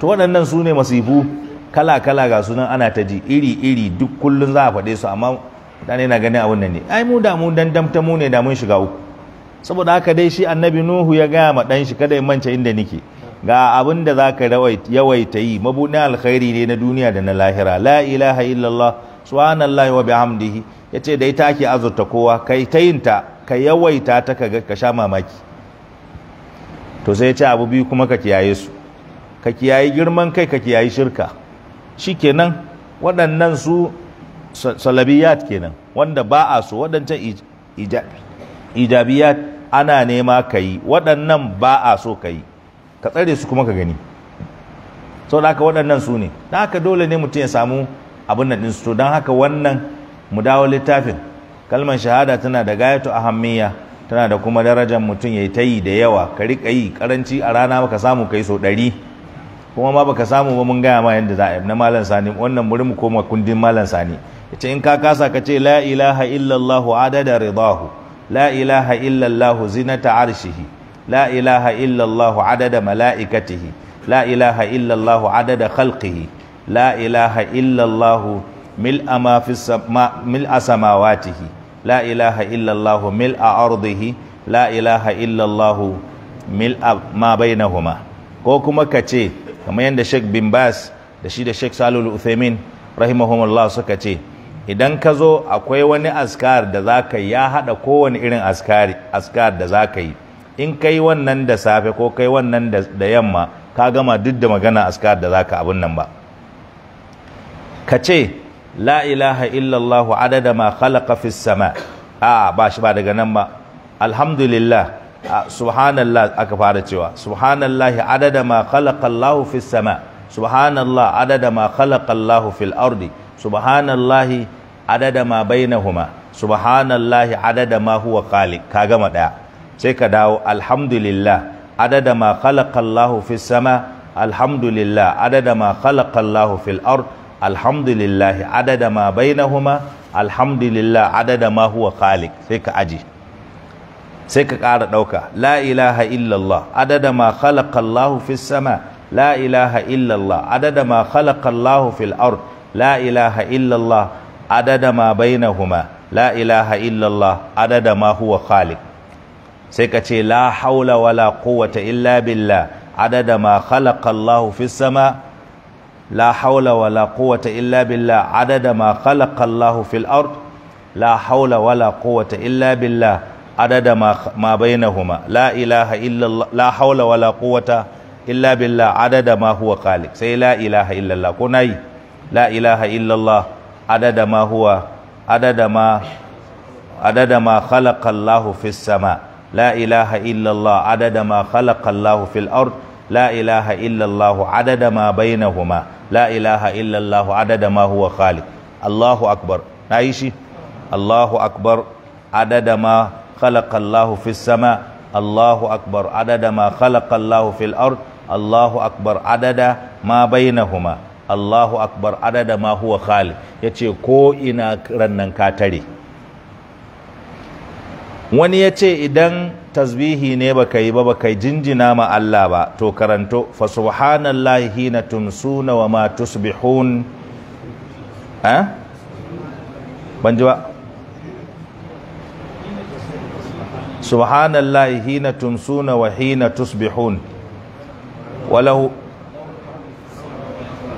to waɗannan su ne masifu kala kala ga sunan ana ta ji iri iri duk kullun za a faɗe su amma mutane na ganin abun nan ne ai mu da mu dan damta mu ne da mun shiga uku saboda haka dai shi annabi nuhu ya gaya ma ɗan shi kada ya mance inda nike. ga abin da za ka yawaita yi mabuɗin alkhairi ne na duniya da na lahira la ilaha illallah subhanallahi wa bihamdihi yace da ita ake azurta kowa kai ta yinta ka yawaita ta ka sha mamaki to sai yace abu biyu kuma ka kiyaye su ka kiyaye girman kai ka kiyaye shirka shikenan waɗannan su salabiyat kenan wanda ba a so waɗancan ijabiyat ana nema ka yi waɗannan ba a so ka yi ka tsare su kuma ka gani sau da haka waɗannan su ne da haka dole ne mutum ya samu abin nan su. don haka wannan mu dawo littafin kalmar shahada tana da gayatu ahammiya tana da kuma darajar mutum ya yi ta yi da yawa ka riƙa yi karanci a rana baka samu kai sau ɗari kuma ma baka samu ba mun gaya ma yadda za a na malam sani wannan bari mu koma kundin malam sani ya ce in ka kasa ka ce la ilaha illallahu adada ridahu la ilaha illallahu zinata arshihi la ilaha illallah adada mala'ikatihi la ilaha illallahu adada khalqihi la ilaha illallahu mil a fi mil'a samawatihi la ilaha illallahu mil a ardihi la ilaha illallahu illallah mil'a ma bainahuma ko kuma ka ce kamar yadda Sheikh bin Bas da shi da Sheikh Salul Uthaymin rahimahumullah suka ce idan ka zo akwai wani askar da za ka yi ya haɗa kowane irin askar da za ka yi in kai wannan da safe ko kai wannan da yamma ka gama duk da magana askar da zaka abin nan ba ka ce la ilaha illallah adada ma khalaqa fis sama a ba shi ba daga nan ba alhamdulillah subhanallah aka fara cewa subhanallahi adada ma khalaqa Allahu fis sama subhanallah adada ma khalaqa Allahu fil ardi subhanallahi adada ma bainahuma subhanallahi adada ma huwa khaliq ka gama daya sai ka dawo alhamdulillah adada ma khalaqa Allahu fis sama alhamdulillah adada ma khalaqa fil ard alhamdulillah adada ma bainahuma alhamdulillah adada ma huwa khaliq sai ka aji sai ka ƙara ɗauka la ilaha illallah adada ma khalaqa Allahu fis sama la ilaha illallah adada ma khalaqa Allahu fil ard la ilaha illallah adada ma bainahuma la ilaha illallah adada ma huwa khaliq sai ka ce la haula wala quwwata illa billah adada ma khalaqa Allahu fis sama la haula wala quwwata illa billah adada ma khalaqa Allahu fil ard la haula wala quwwata illa billah adada ma ma bainahuma la ilaha illa Allah la haula wala quwwata illa billah adada ma huwa khaliq sai la ilaha illa Allah ko nayi la ilaha illa Allah adada ma huwa adada ma adada ma khalaqa Allahu fis sama' la ilaha illallah adada ma khalaqa Allah fil ard la ilaha illallah adada ma bainahuma la ilaha illallah adada ma huwa khaliq Allahu akbar nayi shi Allahu akbar adada ma khalaqa Allah fis Allahu akbar adada ma khalaqa Allah fil Allahu akbar adada ma bainahuma Allahu akbar adada ma huwa khaliq yace ko ina rannan ka tare wani ya ce idan tasbihi ne baka yi ba baka jinjina ma Allah ba to karanto fa subhanallahi hina tumsuna wa ma tusbihun ha eh? ban ji ba subhanallahi hina tumsuna wa hina tusbihun walahu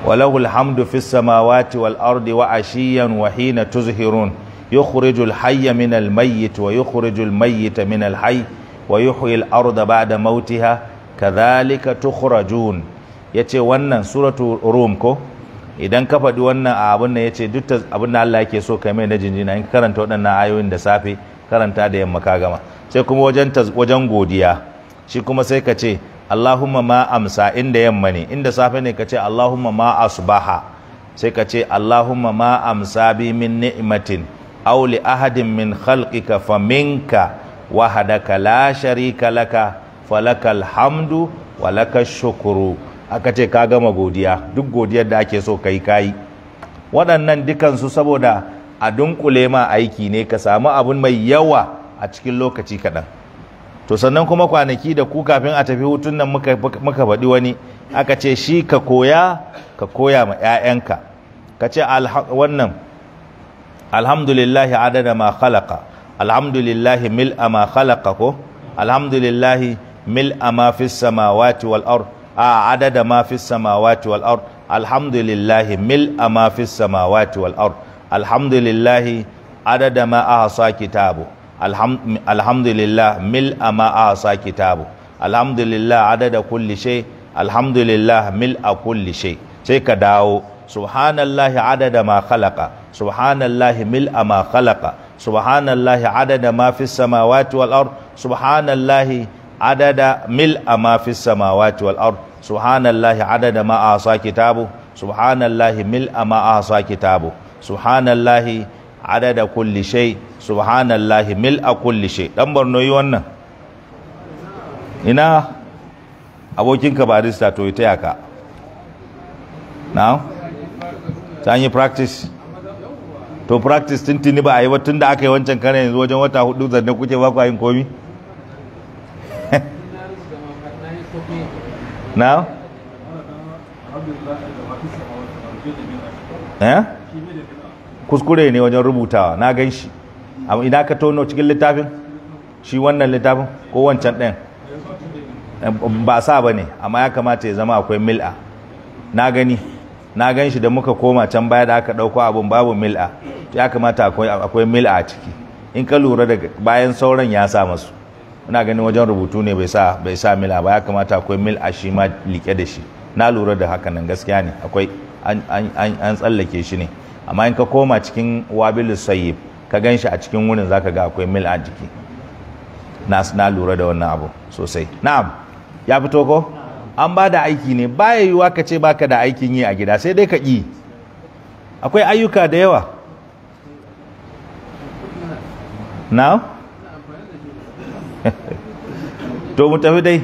walahu alhamdu fis samawati wal ardi wa ashiyan wa hina tuzhirun يخرج الحي من الميت ويخرج الميت من الحي ويحيي الأرض بعد موتها كذلك تخرجون يتي wannan suratu rum ko idan ka faɗi wannan abun abin da yace duk abin da Allah yake so ka mai na jinjina in karanta waɗannan ayoyin da safe karanta da yamma ka gama sai kuma wajen wajen godiya shi kuma sai ka ce Allahumma ma amsa inda yamma ne inda safe ne ka ce Allahumma ma asbaha sai ka ce Allahumma ma amsa bi min ni'matin aw ahadin min khalqika faminka wahdaka la sharika laka falakal hamdu wa lakash aka ce ka gama godiya duk godiyar da ake so kai kai waɗannan dukansu saboda a dunkule ma aiki ne ka samu abun mai yawa a cikin lokaci kaɗan to sannan kuma kwanaki da ku kafin a tafi hutun nan muka faɗi wani aka ce shi ka koya ka koya ma 'ya'yanka ka ce wannan alhamdulillahi adada ma khalaqa alhamdulillahi mil'a ma khalaqa ko alhamdulillahi mil'a ma fis samawati wal ard a adada ma fis samawati wal ard alhamdulillahi mil'a ma fis samawati wal ard alhamdulillahi adada ma ahsa kitabu alhamdulillah mil'a ma ahsa kitabu alhamdulillah adada kulli shay alhamdulillah mil a kulli shay sai ka dawo subhanallahi adada ma khalaqa subhanallahi mil'a ma khalaqa subhanallahi adada ma fis samawati wal ard subhanallahi adada mil'a ma fis samawati wal ard subhanallahi adada ma asa kitabu subhanallahi mil'a ma asa kitabu subhanallahi adada kulli shay subhanallahi mil'a kulli shay dan barno yi wannan ina abokinka barista to ita ka? na'am ta yi practice to practice tintini ba a yi tun da aka yi wancan kare yanzu wajen wata hudu zanne kuke ba ku yin komi [laughs] eh kuskure ne wajen rubutawa na gan shi amma ina ka tono cikin littafin shi wannan littafin ko wancan ɗin ba sa ba ne amma ya kamata ya zama akwai mil'a na gani na gan shi da muka koma can baya da aka ɗauko abin babu mil'a ya kamata akwai mil'a a ciki in ka lura da bayan sauran ya sa masu ina ganin wajen rubutu ne bai sa bai sa mil'a ba ya kamata akwai mil'a shi ma liƙe da shi na lura da haka nan gaskiya ne akwai an tsallake shi ne amma in ka koma cikin wabilu sayyib ka gan shi a cikin wurin zaka ga akwai mil'a jiki na lura da wannan abu sosai na'am ya fito ko an ba da aiki ne baya yiwuwa ka ce baka da aikin yi a gida sai dai ka ƙi akwai ayyuka da yawa na [laughs] to mu tafi dai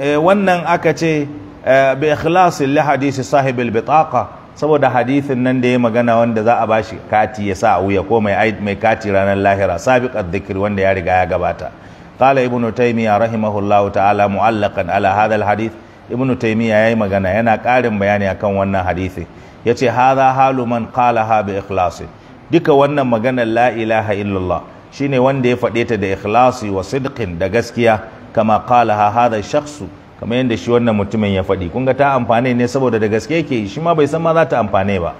eh, wannan aka ce eh, bi ikhlasin li hadisi sahibil bitaqa saboda hadisin nan da ya magana wanda za a bashi kati ya sa a wuya ko mai kati ranar lahira sabiqat dhikri wanda ya riga ya gabata qala ibnu taymiya rahimahullahu ta'ala mu'allaqan ala hadis alhadith ibnu ya yi magana yana ƙarin bayani akan wannan hadisi yace hadha halu man qalaha bi ikhlasi duka wannan magana la ilaha illallah shine wanda ya faɗe ta da ikhlasi wa sidqin da gaskiya kama qalaha hadha shakhsu kamar yadda shi wannan mutumin ya faɗi kun ga ta amfane ne saboda da gaske yake shi ma bai san ma za ta amfane ba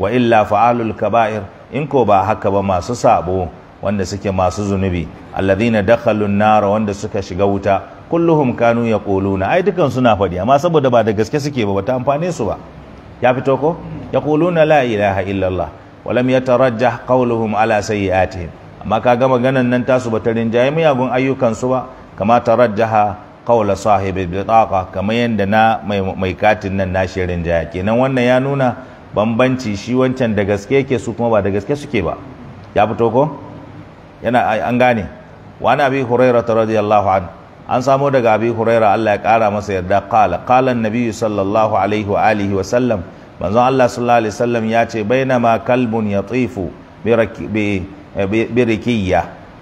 wa illa fa'alul kaba'ir in ko ba haka ba masu sabo wanda suke masu zunubi alladhina dakhalun nar wanda suka shiga wuta kulluhum kanu yaquluna ai dukan suna faɗi amma saboda ba da gaske suke ba bata amfane su ba ya fito ko yaquluna la ilaha illallah wa lam yatarajjah qawluhum ala sayyi'atihim amma ga maganan nan tasu bata rinjaye miyagun ayyukan su ba kama tarajjaha qawla sahibi bitaqa kama yanda na mai katin nan na shirin jaya kenan wannan ya nuna bambanci shi wancan da gaske yake su kuma ba da gaske suke ba ya fito ko yana an gane wani na abi radiyallahu an an samo daga abi huraira Allah ya kara masa yarda kala qala an sallallahu alaihi wa alihi wa sallam manzon Allah sallallahu alaihi wasallam ya ce bainama kalbun yatifu bi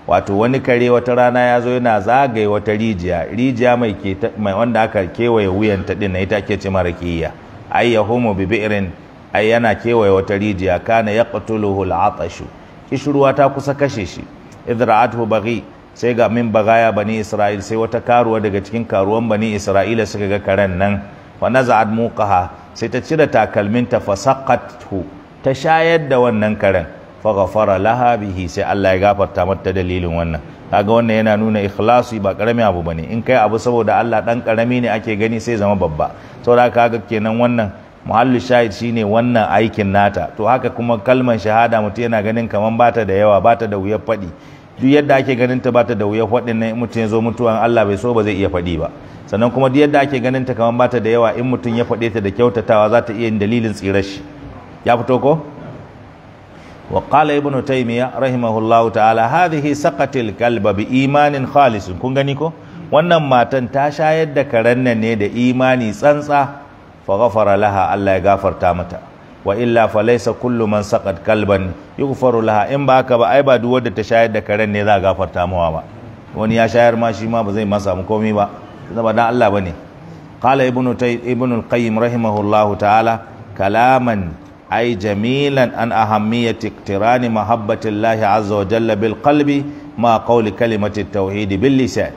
wato wani kare wata rana ya zo yana zagaye wata rijiya rijiya mai wanda aka kewaye wuyan ta din ita ake ce marakiyya ay yahumu bi bi'rin ai yana kewaye wata rijiya kana yaqtuluhu al-atashu kishruwa ta kusa kashe shi hu baghi sai ga min bagaya bani isra'il sai wata karuwa daga cikin karuwan bani isra'ila suka ga karen nan fa naza'at muqaha sai ta cire takalmin fa hu ta shayar da wannan karen fa ghafara laha bihi sai Allah ya gafarta mata dalilin wannan kaga wannan yana nuna ikhlasi ba karami abu bane in kai abu saboda Allah dan karami ne ake gani sai zama babba saboda kaga kenan wannan muhallu shahid shine wannan aikin nata to haka kuma kalman shahada mutum yana ganin kaman bata da yawa bata da wuyar faɗi duk yadda ake ganin ta bata da wuyar faɗin nan in mutum ya zo mutuwan Allah bai so ba zai iya faɗi ba sannan kuma duk yadda ake ganin ta kaman bata da yawa in mutum ya faɗe ta da kyautatawa za ta iya yin dalilin tsirar shi ya fito ko wa qala ibnu taymiya rahimahullahu ta'ala hadhihi saqatil qalba bi imanin khalisun kun gani ko wannan matan ta shayar da karen ne da imani tsantsa fa ghafara laha Allah ya gafarta mata wa illa fa laysa kullu man saqat kalban yughfaru laha in baka haka ba ai ba duk wanda ta shayar da karen ne za a gafarta mawa ba wani ya shayar ma shi ma ba zai masa mu komai ba zama dan Allah bane qala ibnu tayyib ibnu al-qayyim rahimahullahu ta'ala kalaman ay jamilan an ahammiyati iktirani mahabbatillahi azza wa jalla bil qalbi ma qawli kalimati tauhidi bil lisan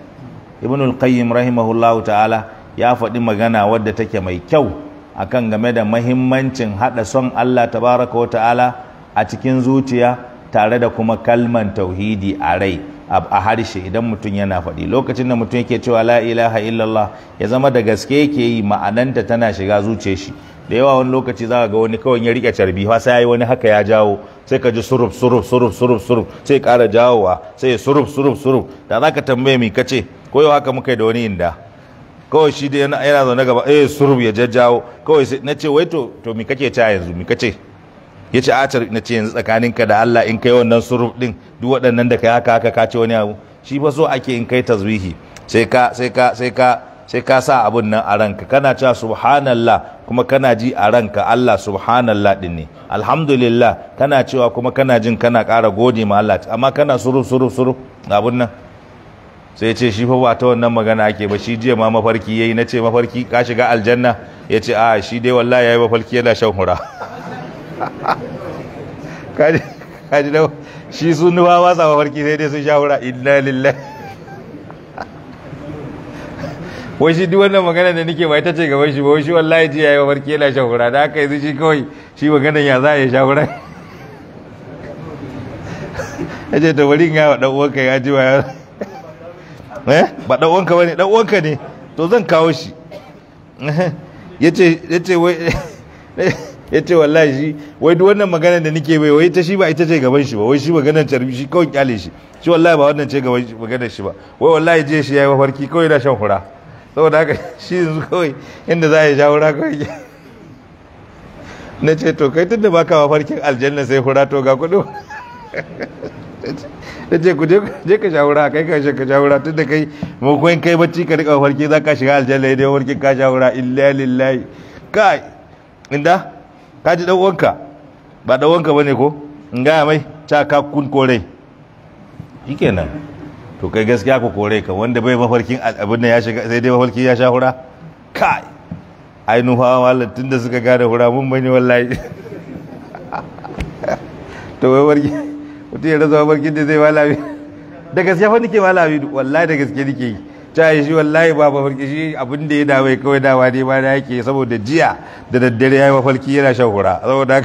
ibnu al-qayyim rahimahullahu ta'ala ya faɗi magana wadda take mai kyau a kan game da mahimmancin haɗa son Allah tabaraka wa ta'ala a cikin zuciya tare da kuma kalman tauhidi a rai a harshe idan mutum yana faɗi lokacin da mutum yake cewa la ilaha illallah ya zama da gaske yake yi ma'ananta tana shiga zuce shi da yawa wani lokaci za ga wani kawai ya rike carbi ba sai yi wani haka ya jawo sai ka ji suruf suruf suruf suruf sai ƙara jawowa sai suruf suruf suruf da za ka tambaye mi kace ko yau haka muka yi da wani inda kawai shi da yana yana zaune gaba eh surub ya jajjawo kawai sai nace wai to to me kake ta yanzu me kace yace a tar nace yanzu tsakaninka da Allah in kai wannan surub din duk waɗannan da kai haka haka ka ce wani abu shi fa so ake in kai tazwihi sai ka sai ka sai ka sai ka sa abun nan a ranka kana cewa subhanallah kuma kana ji a ranka Allah subhanallah din ne alhamdulillah kana cewa kuma kana jin kana ƙara gode ma Allah amma kana surub surub surub abun nan sai ce shi fa ba ta wannan magana ake ba shi jiya ma mafarki yayi na ce mafarki ka shiga aljanna ya ce a shi dai wallahi yayi mafarki yana shan hura [laughs] kaji kaji da shi sun nuwa ba sa mafarki sai dai sun sha hura inna lillahi [laughs] wai shi duk wannan magana da nake ba ita ce gaban shi ba wai shi wallahi jiya yayi mafarki yana shan hura da haka yi shi kawai shi magana ya za ya sha hura [laughs] ya ce to bari in ga wa dan uwanka ya ji ba Eh? ba dan uwanka bane dan uwanka ne to zan kawo shi eh? yace yace wai [laughs] yace wallahi shi wai duk wannan magana da nake bai wai ta shi ba ita ce gaban shi ba wai shi maganar carbi shi kawai kyale shi shi wallahi ba wannan ce gaban maganar shi ba wai wallahi je shi yayi mafarki kawai da shan hura saboda haka [laughs] shi yanzu kawai inda za a yi sha hura kawai [laughs] na ce to kai tunda baka mafarkin aljanna sai hura to ga kudu da ce ku je ka shawara kai ka ka shawara tun da kai makon kai bacci ka rika farki za ka shiga aljanna idan warki ka shawara illa lillahi kai inda ka ji dan uwanka ba dan uwanka bane ko in gaya mai ta ka kun kore shikenan to kai gaskiya ku kore ka wanda bai mafarkin abin da ya shiga sai dai mafarkin ya sha hura kai ainihin hawa malam tun da suka gane hura mun bane wallahi [laughs] to wai warki mutum ya rasa mafarkin da zai walawi da gaske fa nike walawi wallahi da gaske nike yi ta yi shi wallahi ba farki shi abin da ya dawai kawai dawa ne ba da yake saboda jiya da daddare ya yi mafarki yana shan hura saboda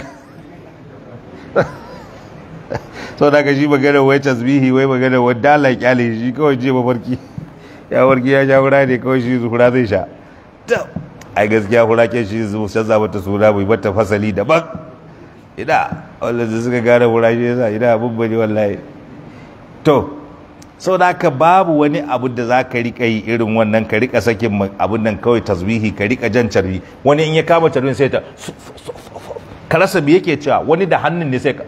sau da ka shi maganar wai tasbihi wai maganar wadda Allah kyale shi kawai jiya mafarki ya warki ya sha hura ne kawai shi hura zai sha ai gaskiya hura ke shi zuwa canza mata suna mai mata fasali daban Ida wanda suka gane wurashe yasa ina abin bane wallahi to sau da haka babu wani abu da za ka riƙa yi irin wannan ka riƙa sakin abin nan kawai tasbihi ka riƙa jan carbi wani in ya kama carbin sai ta ka rasa me yake cewa wani da hannun ne sai ka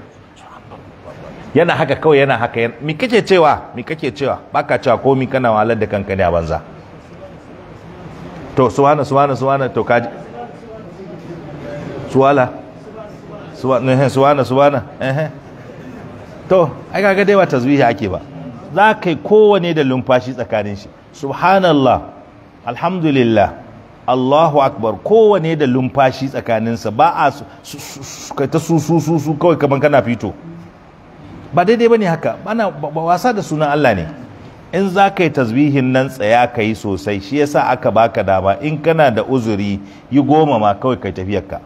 yana haka kawai yana haka yana mi kake cewa mi kake cewa baka cewa ko mi kana walar da kanka ne a banza to suwana suwana suwana to kaji suwala Eh, suwana suwana eh, eh. to ai kaga dai ba tasbihi ake ba za ka yi kowane da lumfashi tsakanin shi subhanallah alhamdulillah Allahu akbar kowane da lumfashi tsakaninsa ba a kai ta su su su su kawai kamar kana fito ba daidai ba ne haka bana ba wasa da sunan Allah ne in za ka yi tasbihin nan tsaya ka yi sosai shi yasa aka baka dama in kana da uzuri yi goma ma kawai kai ka.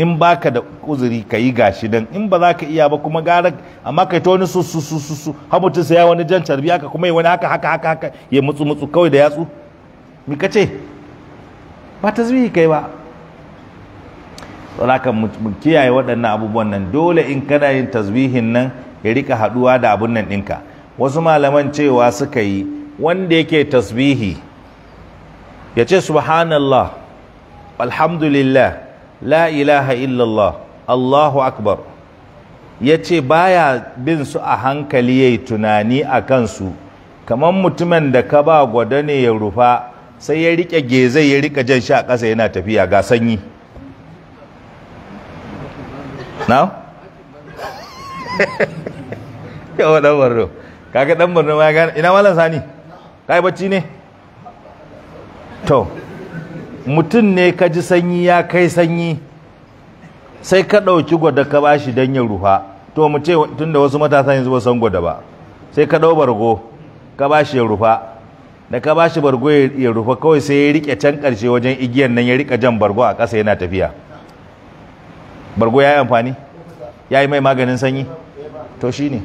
in baka da kuzuri ka yi gashi dan in ba za ka iya ba kuma gara amma kai ta wani su su su su sai ya wani jan carbi haka kuma ya wani haka haka haka haka ya mutsu mutsu kawai da yatsu mi ka ce ba ta kai ba saboda mu kiyaye waɗannan abubuwan nan dole in kana yin tasbihin nan ya rika haɗuwa da abun nan ɗinka wasu malaman cewa suka yi wanda yake tasbihi ya ce subhanallah alhamdulillah la ilaha illallah Allahu akbar ya ce baya bin su a hankali yayi tunani a kansu kamar mutumin da ka ba gwada ne ya rufa sai ya rike gezai ya rika jan shi a ƙasa yana tafiya ga sanyi na? [laughs] yawa ɗan barno kaga ɗan barno ma ya gane ina malan sani kai bacci ne to mutum ne ka ji sanyi ya kai sanyi sai ka ɗauki gwada ka ba shi don ya rufa to mu ce tun da wasu matasa yanzu ba san gwada ba sai ka ɗau bargo ka ba shi ya rufa da ka ba shi bargo ya rufa kawai sai ya riƙe can ƙarshe wajen igiyar nan ya riƙa jan bargo a ƙasa yana tafiya bargo ya yi amfani ya yi mai maganin sanyi to shi ne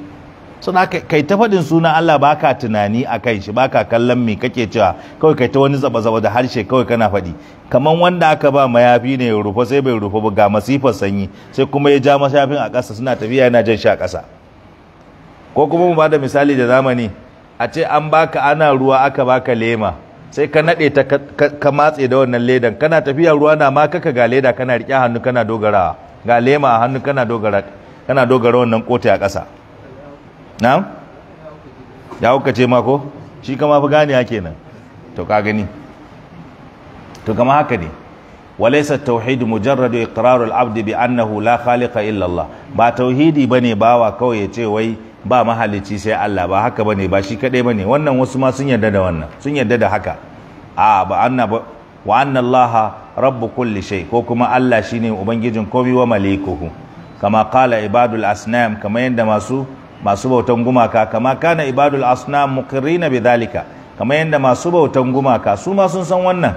suna kai ta faɗin suna Allah ba ka tunani a kan shi baka kallon me kake cewa kawai kai ta wani zaba-zaba da harshe kawai kana faɗi kamar wanda aka ba mayafi ne ya rufe sai bai rufe ba ga masifar sanyi sai kuma ya ja mashafin a ƙasa suna tafiya yana jan shi a ƙasa ko kuma mu bada misali da zamani a ce an baka ana ruwa aka baka lema sai ka naɗe ta ka matse da wannan ledan kana tafiya ruwa na ma kaka ga leda kana riƙe hannu kana dogarawa ga lema a hannu kana dogara kana dogara wannan kotu a ƙasa na'am ya hukace ma ko shi kama fi gane kenan to ka gani to kama haka ne walaysa tauhid mujarradu iqrarul abdi bi annahu la khaliqa illa Allah ba tauhidi bane wa kawai ya ce wai ba mahalicci sai Allah ba haka bane ba shi kadai bane wannan wasu ma sun yarda da wannan sun yarda da haka a ba anna ba wa anna Allah rabbu kulli shay ko kuma Allah shine ubangijin komai wa malikuhu kama qala ibadul asnam kama yanda masu masu bautan gumaka kama kana ibadul asnam muqirrina bidhalika kama yanda masu bautan gumaka su ma sun san wannan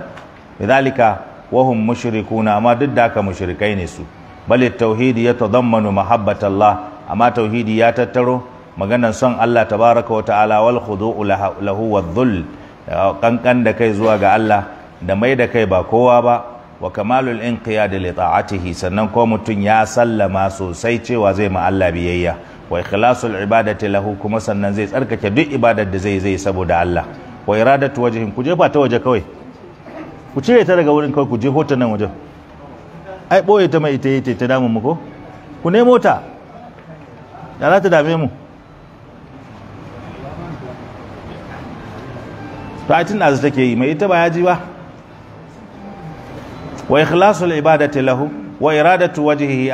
bidhalika wa hum mushrikuna amma duk da aka mushrikai ne su bal tauhidi ya yatadammanu mahabbatallah amma tauhidi ya tattaro maganan son Allah tabaraka wa ta'ala wal khudu'u lahu wadh dhul kankan da kai zuwa ga Allah da mai da kai ba kowa ba wa kamalul inqiyad li ta'atihi sannan ko mutum ya sallama sosai cewa zai ma Allah biyayya wa ikhlasul ibadati lahu kuma sannan zai tsarkake duk ibadar da zai zai saboda Allah wa iradatu wajhin ku jefa ta waje kawai ku cire ta daga wurin kawai ku je hoton nan wajen ai boye ta mai ita ita ta damu mu ko ku nemo ta da za ta dame mu to a tun azu take yi mai ita ba ya ji ba wa ikhlasul ibadati lahu wa iradatu wajhihi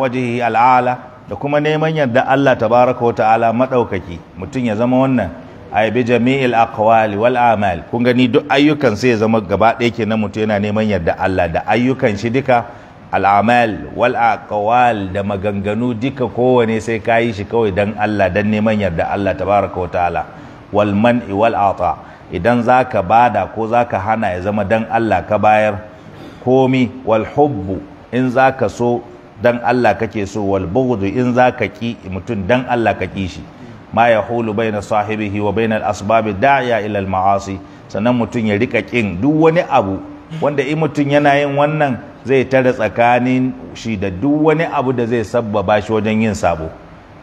wajhihi al'ala da kuma neman yadda Allah tabaraka wa ta'ala madaukaki mutum ya zama wannan ay bi jami'il aqwali wal a'mal kun gani duk ayyukan sai ya zama gaba ɗaya kenan mutum yana neman yadda Allah da ayyukan shi duka al'amal wal aqwal da maganganu duka kowane sai ka yi shi kawai dan Allah dan neman yadda Allah tabaraka wa ta'ala wal man'i wal ata idan zaka bada ko zaka hana ya zama dan Allah ka bayar komi wal hubbu in zaka so dan Allah kake so wal bughd in zaka ki mutum dan Allah ka ki shi ma hulu baina sahibihi wa baina al asbab da'ya ila al ma'asi sannan mutum ya rika kin duk wani abu wanda in mutum yana yin wannan zai tare tsakanin shi da duk wani abu da zai sabbaba shi wajen yin sabo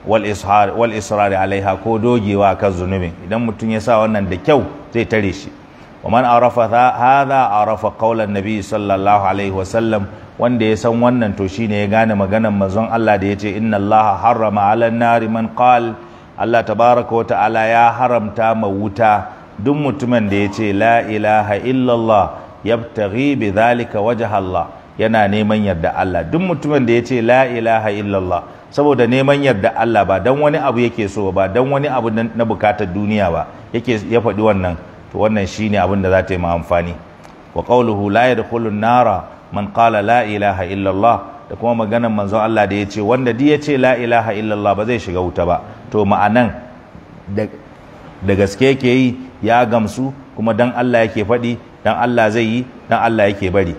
wal ishar wal alaiha ko dogewa kan zunubin idan mutum ya sa wannan da kyau zai tare shi ومن عرف هذا عرف قول النبي صلى الله عليه وسلم wanda ya san wannan to shine ya gane maganar manzon Allah da yace inna Allah harrama 'alan nari man qal Allah tabaraka wa ta'ala ya haramta ma wuta duk mutumin da yace la ilaha illallah yabtaghi bi dhalika wajha Allah yana neman yadda Allah duk mutumin da yace la ilaha illallah saboda neman yarda Allah ba dan wani abu yake so ba dan wani abu na bukatar duniya ba yake ya faɗi wannan to wannan shine abin da za ta yi ma amfani wa qawluhu la yadkhulu nara man qala la ilaha illallah da kuma maganar manzon Allah da ya ce wanda duk ya ce la ilaha illallah ba zai shiga wuta ba to ma'anan da gaske yake yi ya gamsu kuma dan Allah yake faɗi dan Allah zai yi dan Allah yake bari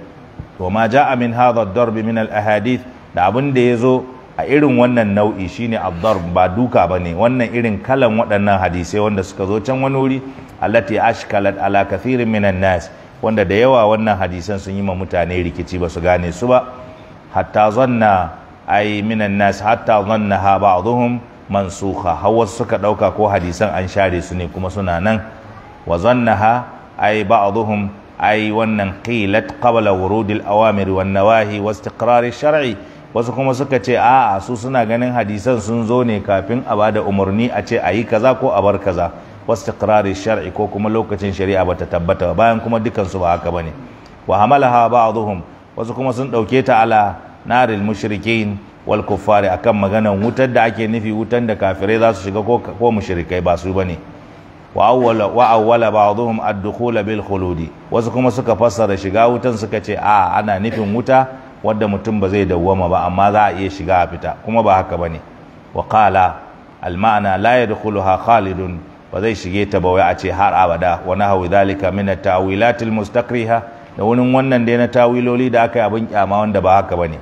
to ma ja'a min hadha ad-darb min al-ahadith da abin da yazo a irin wannan nau'i shine abdar ba duka bane wannan irin kalan waɗannan hadisai wanda suka zo can wani wuri allati ashkalat ala kathirin minan nas wanda da yawa wannan hadisan sun yi ma mutane rikici ba su gane su ba hatta zanna ai minan nas hatta zanna ha ba'dhum mansukha hawa suka dauka ko hadisan an share su ne kuma suna nan wa zannaha ai ba'dhum ai wannan qilat qabla wurudil awamir wan nawahi wa istiqrar shar'i wasu kuma suka ce a'a su suna ganin hadisan sun zo ne kafin a bada umarni a ce a yi kaza ko a bar kaza wastiqrari shar'i ko kuma lokacin shari'a bata tabbata bayan kuma dukansu ba haka bane wa hamalaha ba'dhum wasu kuma sun dauke ta ala naril mushrikin wal kuffari akan maganan wutar da ake nufi wutan da kafirai za su shiga ko ko mushrikai ba su bane wa awwala wa awwala ba'dhum ad-dukhul bil khuludi wasu kuma suka fassara shiga wutan suka ce a ana nufin wuta wadda mutum ba zai dawwama ba amma za a iya shiga a fita kuma ba haka bane wa qala al ma'ana la yadkhuluha khalidun ba zai shige ta ba wai a ce har abada wa nahwu dhalika min at ta'wilat al mustakriha da wurin wannan dai na tawiloli da aka yi abin kyama wanda ba haka bane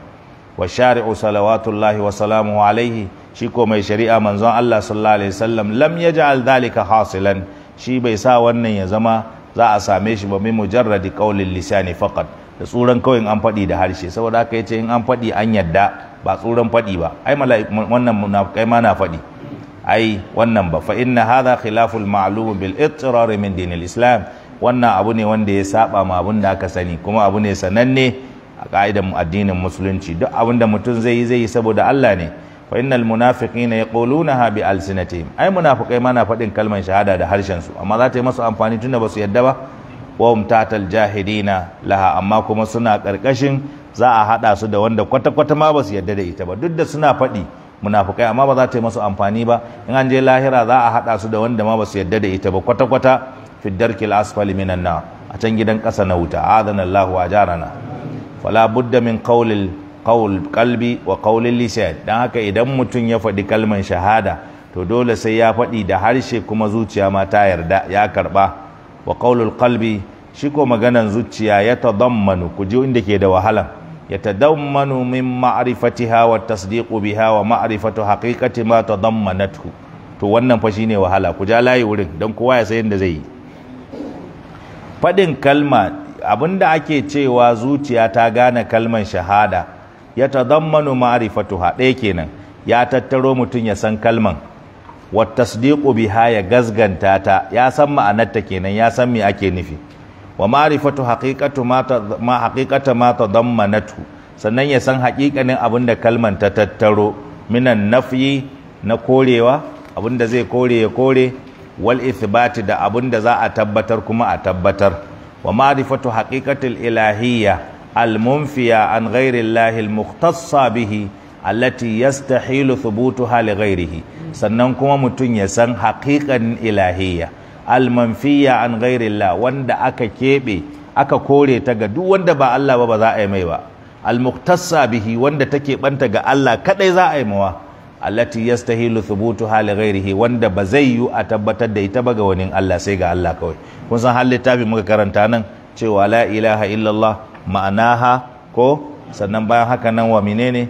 wa shari'u salawatullahi wa salamuhu alaihi shi ko mai shari'a manzon Allah sallallahu alaihi wasallam lam yaj'al dhalika hasilan shi bai sa wannan ya zama za a same shi ba min mujarradi qawlil lisani faqat da tsuran kawai an faɗi da harshe saboda haka ce in an faɗi an yadda ba tsuran faɗi ba ai wannan kai ma na faɗi ai wannan ba fa inna hadha khilaful ma'lum bil ittirar min dinil islam wannan abu ne wanda ya saba ma abin da aka sani kuma abu ne sananne a ka'idar addinin musulunci duk abin da mutum zai yi zai yi saboda Allah ne fa innal munafiqina na bi alsinatihim ai munafikai ma na faɗin kalmar shahada da harshen su amma za ta yi masu amfani tunda ba su yadda ba wa tatal jahidina laha amma kuma suna karkashin za a hada su da wanda kwata kwata ma basu yarda da ita ba duk da suna faɗi munafukai amma ba za ta yi masu amfani ba in an je lahira za a hada su da wanda ma basu yarda da ita ba kwata kwata fi darkil asfali minan nar a can gidan ƙasa na wuta adana Allahu jarana fala budda min qawlil qawl qalbi wa qawlil lisan dan haka idan mutum ya faɗi kalman shahada to dole sai ya faɗi da harshe kuma zuciya ma ta yarda ya karba wa qaulul qalbi shi ko maganan zuciya ya tadammanu ku ji inda ke da wahala ya tadammanu min ma'rifatiha wa tasdiqu biha wa ma'rifatu haqiqati ma tadammanatu to wannan fa shine wahala ku ja layi wurin dan kowa ya san yadda zai yi faɗin kalma abinda ake cewa zuciya ta gane kalman shahada ya tadammanu ma'rifatuha ɗaya kenan ya tattaro mutum ya san kalman wattasdiqu biha ya gazganta ta ya san ma'anarta kenan ya san me ake nufi wa ma'rifatu haqiqatu ma ma haqiqata ma tadammanatu sannan ya san haƙiƙanin abin da kalman ta tattaro minan nafyi na korewa abin da zai kore ya kore wal ithbati da abin da za a tabbatar kuma a tabbatar wa ma'rifatu haqiqatil ilahiyya al munfiya an ghairi llahi al bihi allati yastahilu thubutuha li ghairihi sannan kuma mutum ya san haqiqan ilahiyya almanfiya an ghairillah wanda aka kebe aka kore ta ga duk wanda ba Allah ba ba za a yi mai ba almuktasa bihi wanda take banta ga Allah kadai za a yi mawa allati yastahilu thubutuha li ghairihi wanda ba zai yi a tabbatar da ita ba ga wani Allah sai ga Allah kawai kun san har littafin muka karanta nan cewa la ilaha illallah ma'anaha ko sannan bayan haka nan wa menene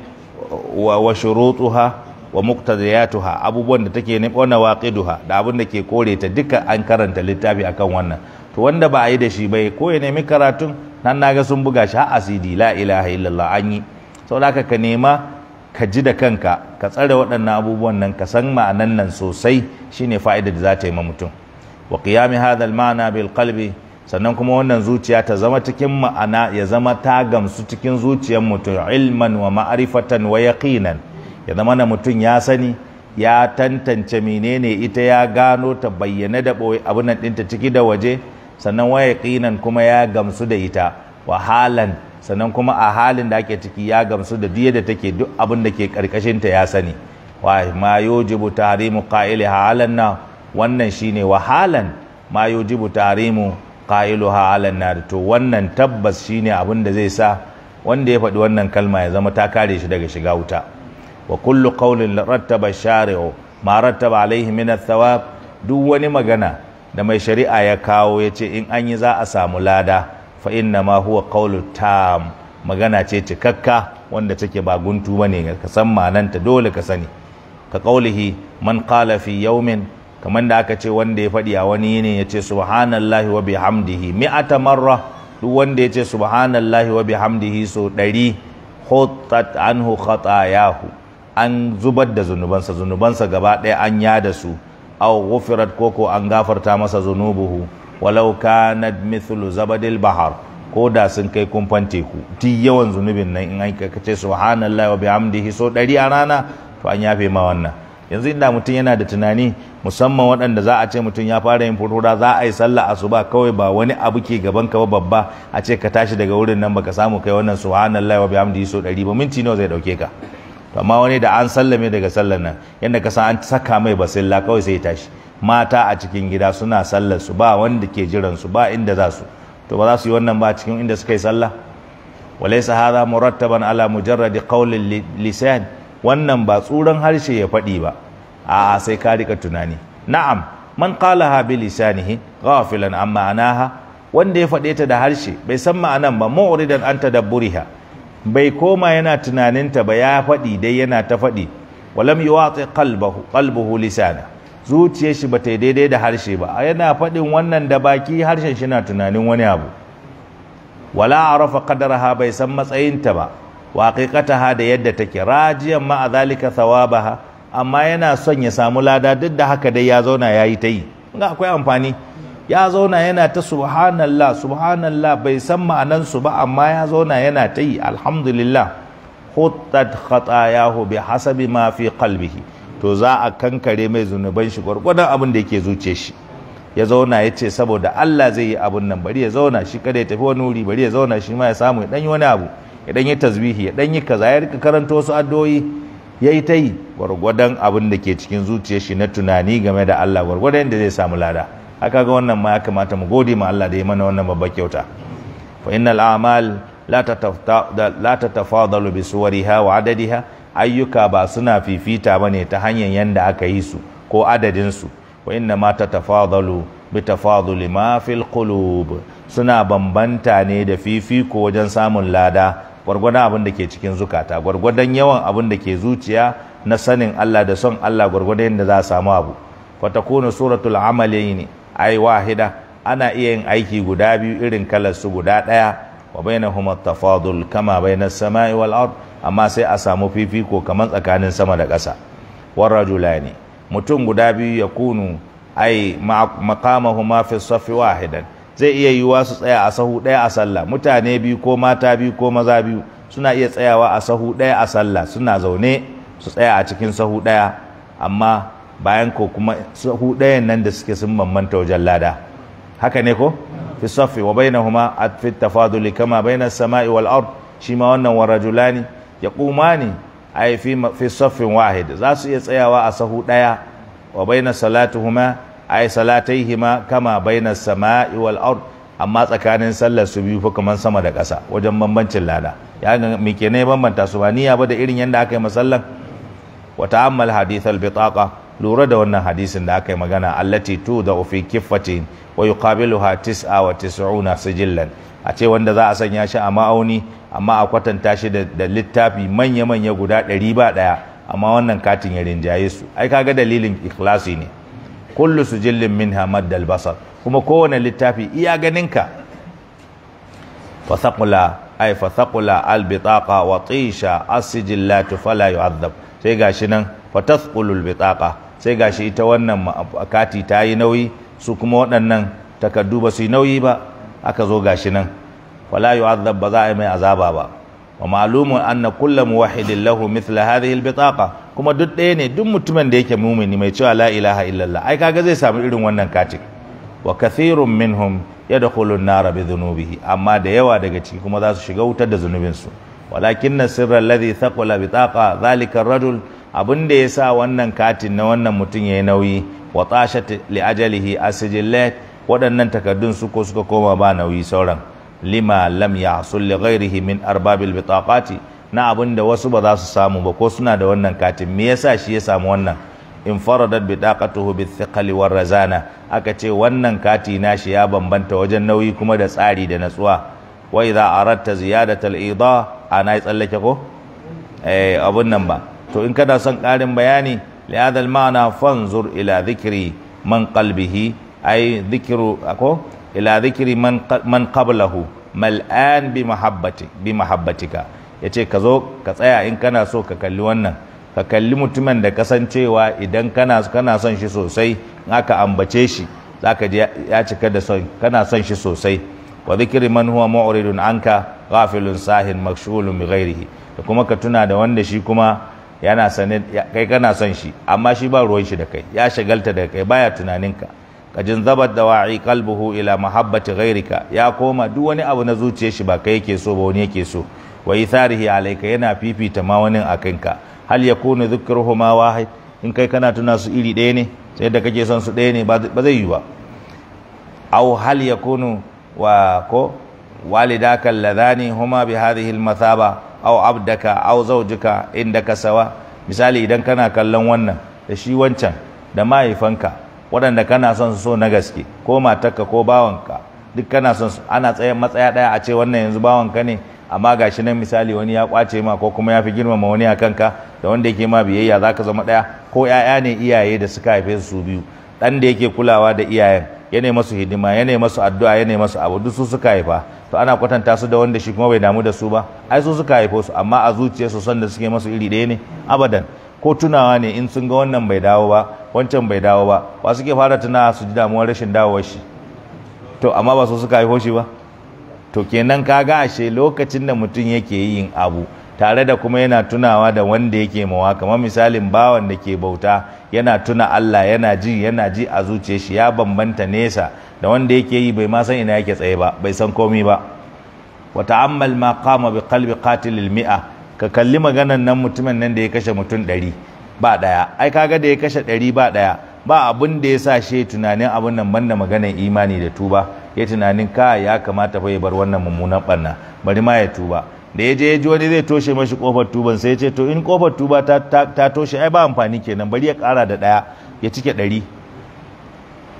wa shurutuha wa muqtadiyatuha abubuwan da take ne wa waqiduha da abun da ke kore ta duka an karanta littafi akan wannan to wanda ba a yi da shi bai ko ya nemi karatun nan naga sun buga shi har asidi la ilaha illallah an yi saboda haka ka nema ka ji da kanka ka tsare waɗannan abubuwan nan ka san ma'anan nan sosai shine fa'idar da za ta yi ma mutum wa qiyami hadha al-ma'na bil qalbi sannan kuma wannan zuciya ta zama cikin ma'ana ya zama ta gamsu cikin zuciyar mutum ilman wa ma'arifatan wa yaqinan ya zama na mutum ya sani ya tantance menene ita ya gano ta bayyana da boye abin nan ɗinta ciki da waje sannan wa yaqinan kuma ya gamsu da ita wa halan sannan kuma a halin da ake ciki ya gamsu da diya da take duk abin da ke karkashin ta ya sani wa ma yujibu tahrimu qa'ili halan wannan shine wa halan ma yujibu tahrimu ha ala nar to wannan tabbas shine abin da zai sa wanda ya faɗi wannan kalma ya zama ta kare shi daga shiga wuta wa kullu qawlin rattaba shari'u ma rattaba alaihi min athawab duk wani magana da mai shari'a ya kawo ya ce in an yi za a samu lada fa inna ma huwa qawlu tam magana ce cikakka wanda take ba guntu bane ka san mananta dole ka sani ka qaulihi man qala fi yawmin kamar da aka ce wanda ya faɗi a wani yini ya ce subhanallahi wa bihamdihi mi'ata marra duk wanda ya ce subhanallahi wa bihamdihi so ɗari huttat anhu khatayahu an zubar da zunubansa zunubansa gaba ɗaya an yada su aw ghufirat koko an gafarta masa zunubuhu walau kanat mithlu zabadil bahar ko da sun kai kumfan teku ti yawan zunubin nan in an kace subhanallahi wa bihamdihi so ɗari a rana to an yafe ma wannan yanzu inda mutum yana da tunani musamman waɗanda za a ce mutum ya fara yin furfura za a yi sallah asuba kawai ba wani abu ke gaban ka ba babba a ce ka tashi daga wurin nan baka samu kai wannan subhanallahi wa bihamdihi so ɗari ba minti nawa zai ɗauke ka to amma wani da an sallame daga sallar nan yanda ka san an saka mai basilla kawai sai ya tashi mata a cikin gida suna sallar su ba wanda ke jiran su ba inda za su to ba za su yi wannan ba cikin inda suka yi sallah walaysa hadha murattaban ala mujarradi qawlin lisan wannan ba tsuran harshe ya faɗi ba a'a sai ka rika tunani na'am man ha bi lisanihi ghafilan an ha. wanda ya faɗe ta da harshe bai san ma'anan ba mu'ridan an tadabburiha bai koma yana tunaninta ba ya faɗi dai yana ta faɗi walam yuwati qalbahu qalbuhu lisana zuciyar shi ba yi daidai da harshe ba yana faɗin wannan da baki harshen shi na tunanin wani abu wala a arafa ha bai san matsayin ta ba wa haqiqataha da yadda take rajiyan ma zalika thawabaha amma yana son ya samu lada duk da haka dai ya zauna ya yi ta yi ga akwai amfani ya zauna yana ta subhanallah subhanallah bai san ma'anan su ba amma ya zauna yana ta yi alhamdulillah khuttat khatayahu bi hasabi ma fi qalbihi to za a kankare mai zunuban shi gwargwadon abin da yake zuce shi ya zauna ya ce saboda Allah zai yi abun nan bari ya zauna shi kada ya tafi wani wuri bari ya zauna shi ma ya samu ya danyi wani abu ya dan yi tasbihi ya dan yi kaza ya rika karanta wasu addu'o'i ya yi ta yi gwargwadon abin da ke cikin zuciyar shi na tunani game da Allah gwargwadon yadda zai samu lada haka ga wannan ma ya kamata mu gode ma Allah da ya mana wannan babbar kyauta fa innal a'mal la tatafadalu bi suwariha wa adadiha ayyuka ba suna fifita ba ne ta hanyar yanda aka yi su ko adadin su wa inna ma tatafadalu bi tafaduli ma fil qulub suna bambanta ne da fifiko wajen samun lada gwargwadon abin da ke cikin zukata gwargwadon yawan abin da ke zuciya na sanin Allah da son Allah gwargwadon yadda za a samu abu fatakuna suratul ne ai wahida ana iya yin aiki guda biyu irin kalar su guda daya wa bainahuma tafadul kama bainas samai wal ard amma sai a samu fifiko kamar tsakanin sama da ƙasa warajulani mutum guda biyu ya kunu ai maqamahuma fi safi wahidan zai iya yiwuwa su tsaya a sahu ɗaya a sallah mutane biyu ko mata biyu ko maza biyu suna iya tsayawa a sahu ɗaya a sallah suna zaune su tsaya a cikin sahu ɗaya amma bayan ko kuma sahu ɗayan nan da suke sun bambanta wajen lada haka ne ko fi safi wa a fi tafaduli kama baina sama'i wal ard shi ma wannan wa rajulani ne ay fi fi saffin wahid za su iya tsayawa a sahu ɗaya wa salatu salatuhuma ai salataihima kama bainas sama'i wal ard amma tsakanin sallar su biyu fa kaman sama da ƙasa wajen bambancin lada ya ga me ke ne bambanta su ba niyya ba da irin yanda aka yi masallan wa ta'ammal hadith al bitaqa lura da wannan hadisin da aka yi magana allati tu da fi kiffatin wa yuqabiluha tis'a wa tis'una sijillan a ce wanda za a sanya shi a ma'auni amma a kwatanta shi da littafi manya-manya guda ɗari ba ɗaya amma wannan katin ya rinjaye su ai kaga dalilin ikhlasi ne kullu sujillin minha maddal basar kuma kowane littafi iya ganinka fasaqula ay fasakula al bitaqa wa tisha asjillatu fala yu'adhab sai gashi nan fatasqulu al sai gashi ita wannan akati ta yi nauyi su kuma waɗannan takaddu ba su yi nauyi ba aka zo gashi nan fala yu'adhab ba za a yi mai azaba ba wa malumun anna kulla muwahidin lahu mithla hadhihi albitaqa kuma duk ɗaya ne duk mutumin da yake mumini mai cewa la ilaha illallah ai kaga zai samu irin wannan katin wa kathirun minhum yadkhulun nara bi dhunubihi amma da yawa daga ciki kuma za su shiga wutar da zunubinsu walakin sirra alladhi thaqala bitaqa zalika ar-rajul abin da ya sa wannan katin na wannan mutum ya yi nauyi wa tashat li ajalihi asijillat waɗannan takardun su ko suka koma ba nauyi sauran lima lam ya'sul li ghairihi min arbabil bitaqati na abin da wasu ba za su samu ba ko suna da wannan katin me yasa shi ya samu wannan in faradat bitaqatuhu bi thiqali war razana aka ce wannan kati nashi ya bambanta wajen nauyi kuma da tsari da natsuwa wa idza aradta ziyadatal ida ana tsallake ko eh abun nan ba to in kana son karin bayani li hadha al ma'na fanzur ila dhikri man qalbihi ay dhikru ako ila zikiri man qablahu mal'an bi mahabbatika yace ka zo ka tsaya in kana so ka kalli wannan ka kalli mutumin da kasancewa idan kana kana son shi sosai in aka ambace shi zaka je ya cika da son kana son shi sosai wa zikiri man huwa mu'ridun anka ghafilun sahin makshulun bi ghairihi da kuma ka tuna da wanda shi kuma yana sanin kai kana son shi amma shi ba ruwan shi da kai ya shagalta da kai baya tunaninka jin zabar da wa'i kalbuhu ila mahabbati ghairika ya koma duk wani abu na zuciyar shi ba kai yake so ba wani yake so wa a alayka yana fifita ma wani ka hal yakunu dhikruhuma wahid in kai kana tuna su iri ɗaya ne sai da kake son su ɗaya ne ba zai yi ba aw hal yakunu wa ko walidaka alladhani huma bi hadhihi almathaba aw abdaka aw zawjuka indaka sawa misali idan kana kallon wannan da shi wancan da mahaifanka waɗanda kana son su so na gaske ko matarka ko bawanka duk kana son su ana matsaya ɗaya a ce wannan yanzu bawanka ne amma ga shi nan misali wani ya kwace ma ko kuma ya fi girmama wani a kanka da wanda yake ma biyayya za ka zama ɗaya ko ‘ya'ya ne iyaye da suka haife su biyu ɗan da yake kulawa da iyayen ya masu hidima ya masu addu'a ya masu abu duk su suka haifa to ana kwatanta su da wanda shi kuma bai damu da su ba ai su suka haifo su amma a zuciyarsu son da suke masu iri ɗaya ne abadan ko tunawa ne in sun ga wannan bai dawo ba wancan bai dawo ba ba suke fara tunawa su ji damuwar rashin dawowar shi to amma ba su suka haifo shi ba to kenan ka ga ashe lokacin da mutum yake yin abu tare da kuma yana tunawa da wanda yake mawa kamar misalin bawan da ke bauta yana tuna Allah yana ji yana ji a zuciyar shi ya bambanta nesa da wanda yake yi bai ma san ina yake tsaye ba bai san komi ba Wata amal ma qama bi qalbi qatilil mi'a ka kalli maganan nan mutumin nan da ya kashe mutum ɗari ba ɗaya ai kaga da ya kashe ɗari ba ɗaya ba abin da ya sa shi tunanin abin nan banda maganan imani da tuba ya tunanin ka ya kamata fa ya bar wannan mummunan ɓanna bari ma ya tuba da ya je ya ji wani zai toshe mashi kofar tuban sai ya ce to in kofar tuba ta, toshe ai ba amfani kenan bari ya ƙara da ɗaya ya cike ɗari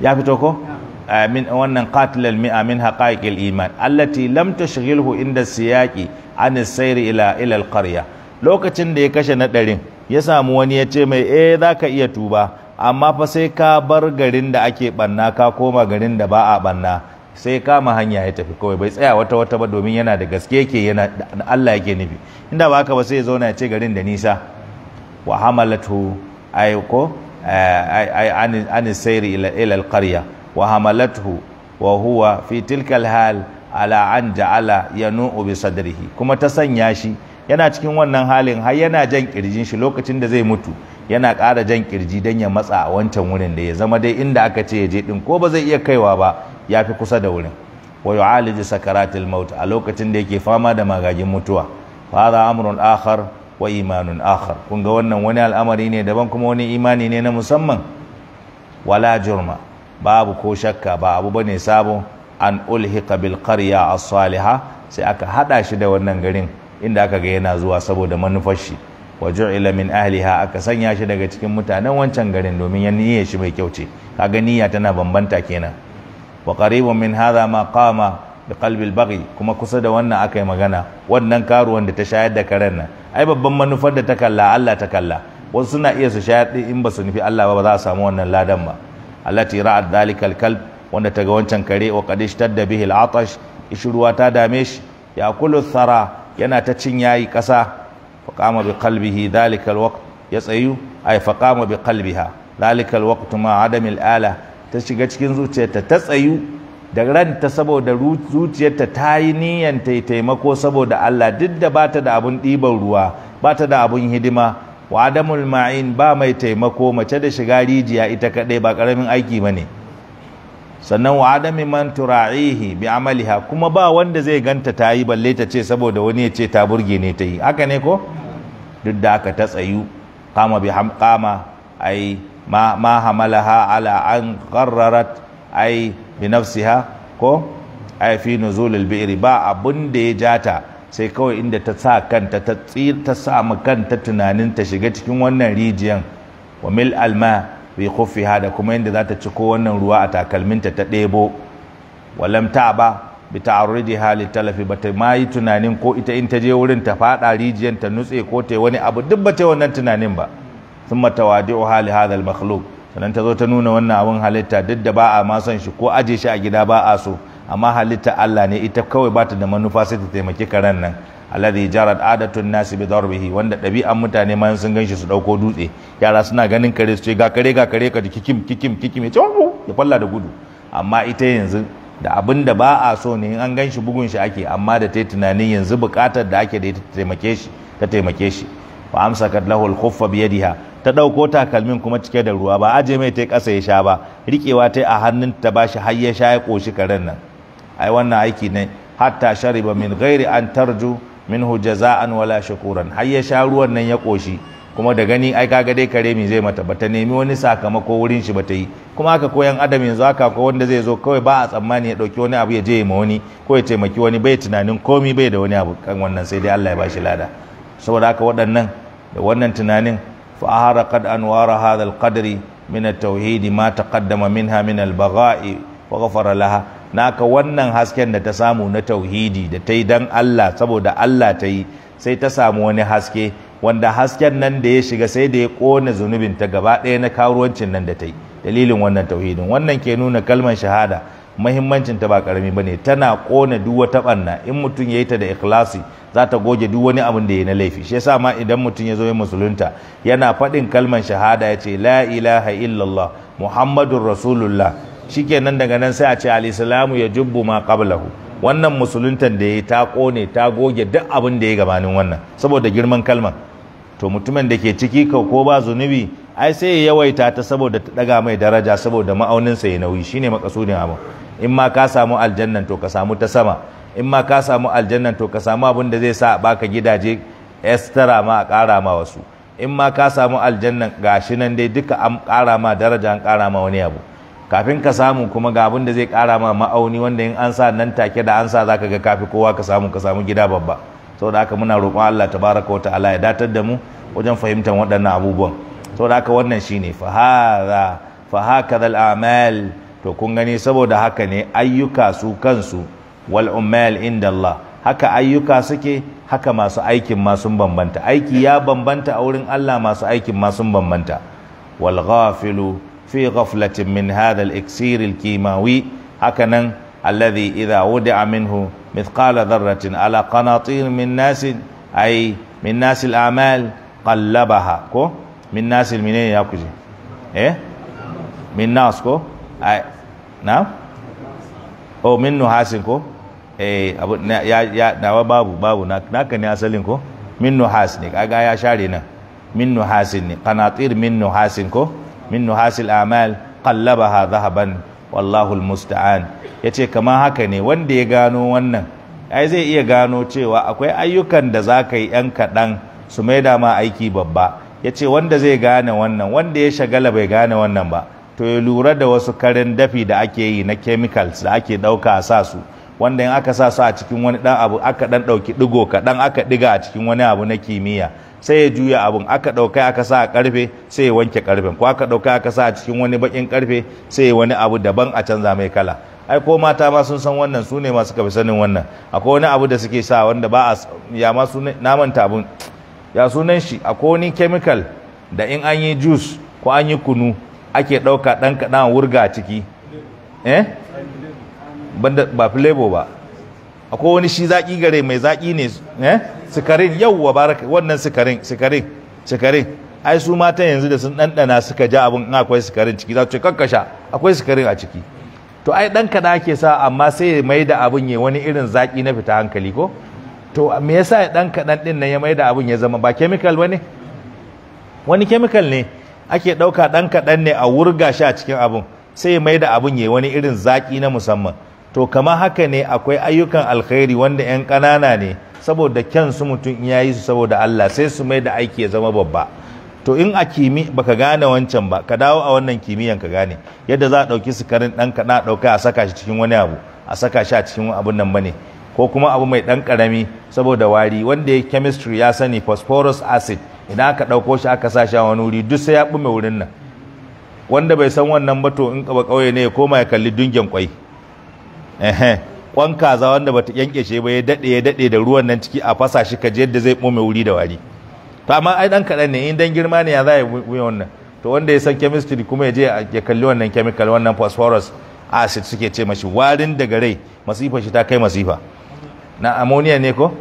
ya fito ko amin wannan qatilal mi'a min haqa'iqil iman allati lam tashghilhu inda siyaqi an sayri ila ila alqarya lokacin da ya kashe na ɗarin ya samu wani ya ce mai eh zaka iya tuba amma fa sai ka bar garin da ake banna ka koma garin da ba a banna sai kama hanya ya tafi kawai bai tsaya wata wata ba domin yana da gaske yake yana Allah yake nufi inda ba haka ba sai ya zauna ya ce garin da nisa wa hamalatu ay ko eh, ay an sayri ila ila alqarya wa hamalatu wa huwa fi tilka alhal ala an ja'ala yanu'u bi sadrihi kuma ta sanya shi yana cikin wannan halin har yana jan kirjin shi lokacin da zai mutu yana ƙara jan kirji don ya matsa a wancan wurin da ya zama dai inda aka ce ya je din ko ba zai iya kaiwa ba ya fi kusa da wurin wa yu'alij sakaratil maut a lokacin da yake fama da magagin mutuwa fa hadha amrun akhar wa imanun akhar kun ga wannan wani al'amari ne daban kuma wani imani ne na musamman wala jurma babu ko shakka ba abu bane sabon? an ulhiqa bil qarya a saliha sai aka hada shi da wannan garin inda aka ga yana zuwa saboda manufar shi wa ju'ila min ahliha aka sanya shi daga cikin mutanen wancan garin domin ya niyya shi mai kyau ce kaga niyya tana bambanta kenan wa qaribun min hadha ma qama bi baghi kuma kusa da wannan aka yi magana wannan karuwan da ta shayar da karen nan ai babban manufar da ta kalla Allah ta kalla wasu suna iya su shayar in ba su nufi Allah ba ba za a samu wannan ladan ba allati ra'at dhalikal kalb wanda ta ga wancan kare wa qadish tadda bihi al-atash ruwa ta dame shi ya kulu thara yana ta cin yayi kasa fa qama bi qalbihi dalika alwaqt ya tsayu ay fa qama bi qalbiha dalika alwaqt ma adam alala ta shiga cikin zuciyarta ta tsayu da ranta saboda zuciyarta ta yi niyan ta taimako saboda Allah duk da bata da abun ɗiban ruwa bata da abun hidima wa adamul ma'in ba mai taimako mace da shiga rijiya ita kadai ba ƙaramin aiki bane sannan wa adami man tura'ihi bi amaliha kuma ba wanda zai ganta ta yi balle ta ce saboda wani ya ce ta burge ne ta yi haka ne ko duk da aka ta tsayu kama bi hamqama ai ma ma hamalaha ala an qarrarat ai bi nafsiha ko ai fi nuzulil ba abun da ya jata sai kawai inda ta sa kanta ta tsira ta sa kanta tunanin ta shiga cikin wannan rijiyan wa mil alma fi khuffiha da kuma yadda za ta ci ko wannan ruwa a takalminta ta ɗebo walam ta ba bi ta'arridiha hali talafi bata ma yi tunanin ko ita in ta je wurin ta faɗa rijiyar ta nutse ko ta wani abu duk ba ta wannan tunanin ba mata wadi o hali hadal makhluk sannan ta zo ta nuna wannan abun halitta duk da ba a ma son shi ko aje shi a gida ba a so amma halitta Allah ne ita kawai ba ta da manufa sai ta taimaki karen nan alladhi jarat adatun nasi bi darbihi wanda dabi'an mutane ma sun ganshi su dauko dutse yara suna ganin kare su ce ga kare ga kare ka kikim kikim kikim ya ce ya falla da gudu amma ita yanzu da abin da ba a so ne in an ganshi bugun shi ake amma da ta tunanin yanzu bukatar da ake da ita taimake shi ta taimake shi fa amsakat lahu al-khuffa bi yadiha ta dauko takalmin kuma cike da ruwa ba aje mai tai kasa ya sha ba rikewa tai a hannun ta bashi har ya sha ya koshi karen nan ai wannan aiki ne hatta shariba min ghairi an tarju minhu jaza'an wala shakuran har ya sha ruwan nan ya koshi kuma da gani ai kaga dai kare mi zai mata bata nemi wani sakamako wurin shi bata yi kuma haka koyan adam yanzu haka ko wanda zai zo kawai ba a tsammani ya dauki wani abu ya je ma wani ko ya taimaki wani bai tunanin komi bai da wani abu kan wannan sai dai Allah ya bashi lada saboda haka waɗannan da wannan tunanin fa ahara qad anwara hadha al-qadri min at-tauhid ma taqaddama minha min al-bagha'i wa ghafara laha naka wannan hasken da ta samu na tauhidi da ta yi don Allah saboda Allah ta yi sai ta samu wani haske wanda hasken nan da ya shiga sai da ya ƙone zunubin ta gaba ɗaya na karuwancin nan da ta yi dalilin wannan tauhidin wannan ke nuna kalmar shahada mahimmancin ta ba karami bane tana ƙone duk wata ɓanna in mutum ya yi ta da ikhlasi za ta goge duk wani abin da ya na laifi shi yasa ma idan mutum ya zo ya musulunta yana faɗin kalmar shahada ya ce la ilaha illallah muhammadun rasulullah shikenan daga nan sai a ce al ya jubbu ma qablahu wannan musuluntan da yayi ta kone ta goge duk abin da yayi gabanin wannan saboda girman kalman to mutumin da ke ciki ka ko ba zunubi ai sai ya yawaita ta saboda ta daga mai daraja saboda ma'auninsa ya nauyi shine makasudin abu in ma ka samu aljannan to ka samu ta sama in ma ka samu aljannan to ka samu abin da zai sa baka gidaje estara ma a kara ma wasu in ma ka samu aljannan gashi nan dai duka an karama ma daraja an kara ma wani abu kafin ka samu kuma ga abin da zai kara ma ma'auni wanda in an sa nan take da an sa zaka ga kafi kowa ka samu ka samu gida babba saboda haka muna roƙon Allah tabaraka wa ta'ala ya datar da mu wajen fahimtar waɗannan abubuwan saboda haka wannan shine fa hadha fa hakadha al-amal to kun gani saboda haka ne ayyuka su kansu wal ummal inda Allah haka ayyuka suke haka masu aikin ma sun bambanta aiki ya bambanta a wurin Allah masu aikin ma sun bambanta wal ghafilu fi ghaflatin min hadha al-iksir al-kimawi hakanan alladhi idha wudi'a minhu mithqala dharratin ala qanatir min nas ay eh? min nas ko oh, min nas ya kuje eh ko ay na ko eh babu babu naka ne asalin ko min nuhas ne kaga ya share nan min ne min nuhasin ko min nuhasil amal qallabaha dhahaban wallahu Ya yace kama haka ne wanda ya gano wannan ai zai iya gano cewa akwai ayyukan da zaka yi yan kaɗan su maida ma aiki babba yace wanda zai gane wannan wanda ya shagala bai gane wannan ba to ya lura da wasu karin dafi da ake yi na chemicals da ake ɗauka a sa su wanda in aka sa su a cikin wani dan abu aka dan dauki digo kaɗan aka diga a cikin wani abu na kimiyya sai ya juya abun aka dauka aka sa a karfe sai ya wanke karfen ko aka dauka aka sa a cikin wani bakin karfe sai ya wani abu daban a canza mai kala ai ko mata ma sun san wannan su ne masu kafi sanin wannan akwai wani abu da suke sa wanda ba a ya ma sunan naman tabun ya sunan shi akwai wani chemical da in an yi juice ko an yi kunu ake ɗauka dan kadan wurga ciki eh banda ba flavor ba akwai wani shi zaki gare mai zaki ne eh sikarin yawwa baraka wannan sikarin sikarin sikarin ai su mata yanzu da sun dandana suka ja abun in akwai sikarin ciki za su ce kakkasha akwai sikarin a ciki to ai dan kada ake sa amma sai ya mai da abun ya wani irin zaki na fita hankali ko to me yasa ya dan kadan din nan ya mai da abun ya zama ba chemical bane wani chemical ne ake dauka dan kadan ne a wurga shi a cikin abun sai ya mai da abun ya wani irin zaki na musamman to kama haka ne akwai ayyukan alkhairi wanda 'yan ƙanana ne saboda kyan su mutum ya yi su saboda Allah sai su mai da aiki ya zama babba to in a kimi baka gane wancan ba ka dawo a wannan kimiyyan ka gane yadda za a ɗauki su karin ɗan ka na ɗauka a saka shi cikin wani abu a saka shi a cikin abun nan bane ko kuma abu mai ɗan ƙarami saboda wari wanda ya chemistry ya sani phosphorus acid idan aka ɗauko shi aka sa shi a wani wuri duk sai ya ɓume wurin nan wanda bai san wannan ba to in ƙaba ƙauye ne ya koma ya kalli dungen kwai ehe kwan kaza wanda bata yanke shi ba ya dade ya dade da ruwan nan ciki a fasa shi kaje yadda zai bome wuri da wari to amma ai dan kadan ne in dan girma ne ya za ya wuya wannan to wanda ya san chemistry kuma ya je ya kalli wannan chemical wannan phosphorus acid suke ce mashi warin daga rai masifa shi ta kai masifa na ammonia ne ko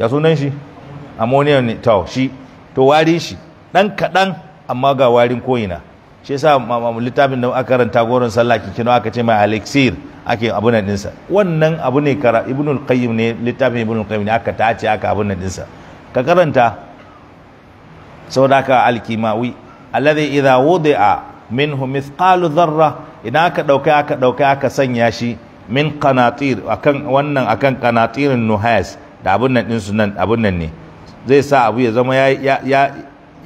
ya sunan shi ammonia ne to shi to warin shi dan kadan amma ga warin koyina shi yasa mamu littafin da aka karanta goron sallah kikino aka ce mai alexir ake abun nan dinsa wannan abu ne kara ibnul qayyim ne littafin ibnul qayyim ne aka tace aka abun nan dinsa ka karanta saboda ka alkimawi alladhi idha wudi'a minhu mithqalu dharra idan aka dauka aka dauka aka sanya shi min qanatir akan wannan akan qanatirin nuhas da abun nan dinsu nan abun nan ne zai sa abu ya zama ya ya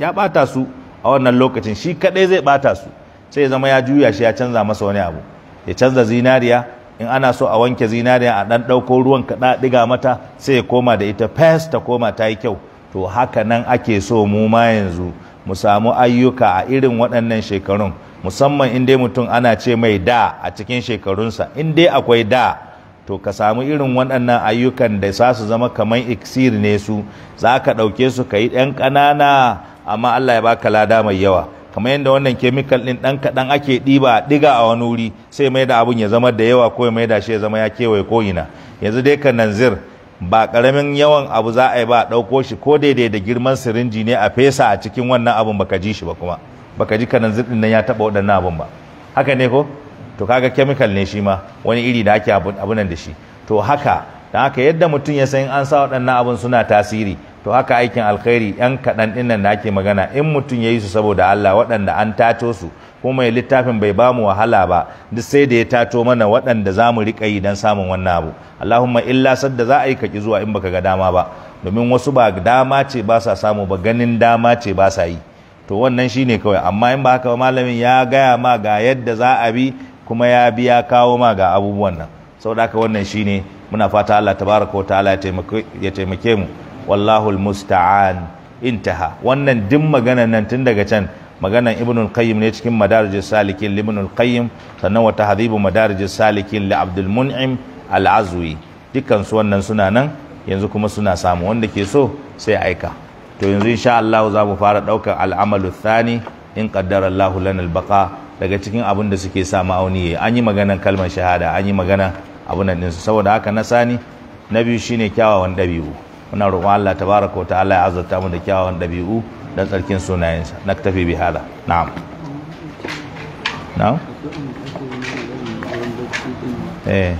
ya bata su a wannan lokacin shi kaɗai zai ɓata su sai ya zama ya juya shi ya canza masa wani abu ya canza zinariya in ana so a wanke zinariya a ɗan ɗauko ruwan kaɗa diga mata sai ya koma da ita fes ta koma ta yi kyau to haka nan ake so mu ma yanzu mu samu ayyuka a irin waɗannan shekarun musamman in dai mutum ana ce mai da a cikin shekarunsa in dai akwai da to ka samu irin waɗannan ayyukan da za su zama kamar iksir ne su za ka ɗauke su ka yi ɗan ƙanana amma Allah ya baka lada mai yawa kamar yadda wannan kemikal din dan kadan ake diba diga a wani wuri sai mai da abun ya zama da yawa ko mai da shi ya zama ya kewaye ko ina yanzu dai ka nanzir ba karamin yawan abu za a yi ba dauko shi ko daidai da girman sirinji ne a fesa a cikin wannan abun baka ji shi ba kuma baka ji ka nanzir din nan ya taba wadannan abun ba haka ne ko to kaga kemikal ne shi ma wani iri da ake abu nan da shi to haka da haka yadda mutum ya san an sa waɗannan abun suna tasiri to haka aikin alkhairi yan kaɗan ɗin da ake magana in mutum ya yi su saboda Allah waɗanda an tato su kuma littafin bai ba mu wahala ba duk sai da ya tato mana waɗanda zamu mu riƙa yi don samun wannan abu Allahumma illa sadda za a yi kaki zuwa in baka ga dama ba domin wasu ba dama ce ba sa samu ba ganin dama ce ba sa yi to wannan shine kawai amma in ba haka ba malamin ya gaya ma ga yadda za a bi kuma ya biya kawo ma ga abubuwan nan saboda haka wannan shine muna fata Allah tabaraka wa ta'ala ya taimake mu wallahul musta'an intaha wannan duk maganan nan tun daga can maganan ibnul qayyim ne cikin madarijus salikin libnul qayyim sannan wata hadhibu madarijus salikin li abdul al azwi dukkan su wannan suna nan yanzu kuma suna samu wanda ke so sai aika to yanzu insha Allah za mu fara daukar al'amalu thani in qaddara Allahu lana baqa daga cikin abin da suke sa ma'auni an yi maganan kalmar shahada an yi magana abun nan din saboda haka na sani na biyu shine kyawawan dabi'u muna roƙon Allah tabaraka wa ta'ala ya azurta mu da kyawawan ɗabi'u dan tsarkin sunayensa na tafi bi hada na'am na'am eh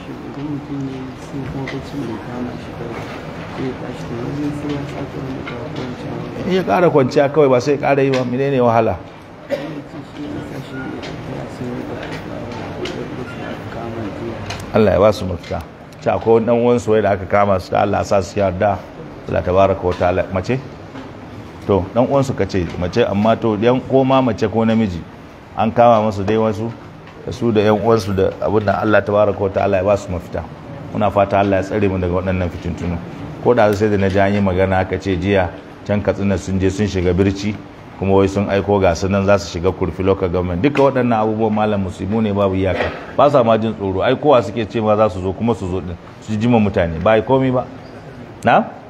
in ya ƙara kwanciya kawai ba sai ƙara yi ba mine ne wahala Allah ya ba su mafita ta akwai ɗan wansu da aka kama su ta Allah sa su yarda Allah tabaraka wa ta'ala mace to dan uwan su kace mace amma to yan ko ma mace ko namiji an kama masu dai wasu da su da yan uwan da abin da Allah tabaraka wa ta'ala ya ba su mafita muna fata Allah ya tsare mu daga waɗannan fitintunu ko da sai da na ji an yi magana aka ce jiya can katsina sun je sun shiga birci kuma wai sun aiko ga su nan za su shiga kurfi local government duka waɗannan abubuwan malam musibu ne babu iyaka ba sa ma jin tsoro ai kowa suke ce ma za su zo kuma su zo din su jima mutane ba komai ba na'am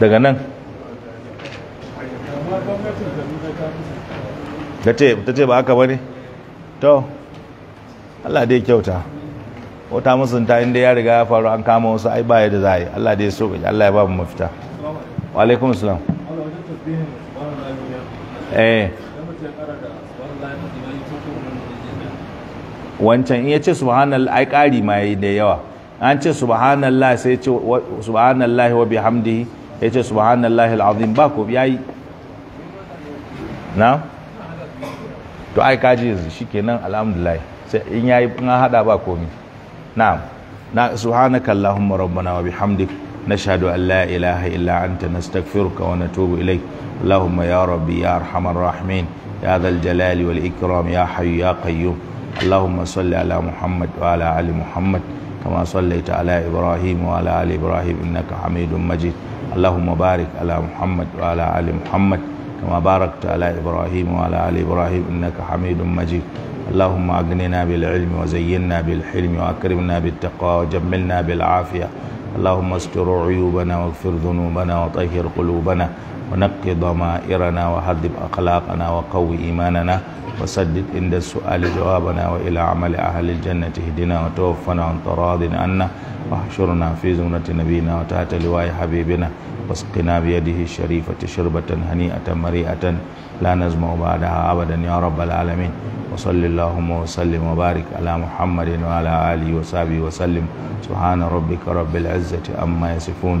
daga nan ta ce ba haka ba ne to allah dai kyauta wata musunta inda ya riga ya faru an kama wasu ai baya da zai allah dai so gaji allah ya ba mu mafita wa alaikum salam eh wancan iya ce subhanallah ai kari ma yi da yawa an ce subhanallah sai ce subhanallah wa bihamdihi ya ce subhanallahi al'azim ba ko yayi na to ai kaji yanzu shikenan alhamdulillah sai in yayi in hada ba komi na na subhanaka allahumma rabbana wa bihamdik nashhadu an la ilaha illa anta nastaghfiruka wa natubu ilayk allahumma ya rabbi ya arhamar rahimin ya dhal jalali wal ikram ya hayyu ya qayyum اللهم صل على محمد وعلى ال محمد كما صليت على ابراهيم وعلى ال ابراهيم انك حميد مجيد اللهم بارك على محمد وعلى آل محمد كما باركت على إبراهيم وعلى آل إبراهيم إنك حميد مجيد اللهم أغننا بالعلم وزينا بالحلم وأكرمنا بالتقوى وجملنا بالعافية اللهم استر عيوبنا واغفر ذنوبنا وطهر قلوبنا ونقي ضمائرنا وهذب أخلاقنا وقوي إيماننا وسدد عند السؤال جوابنا وإلى عمل أهل الجنة اهدنا وتوفنا عن تراض عنا واحشرنا في زمرة نبينا وتحت لواء حبيبنا واسقنا بيده الشريفة شربة هنيئة مريئة لا نزمع بعدها أبدا يا رب العالمين وصل اللهم وسلم وبارك على محمد وعلى آله وصحبه وسلم سبحان ربك رب العزة أما يصفون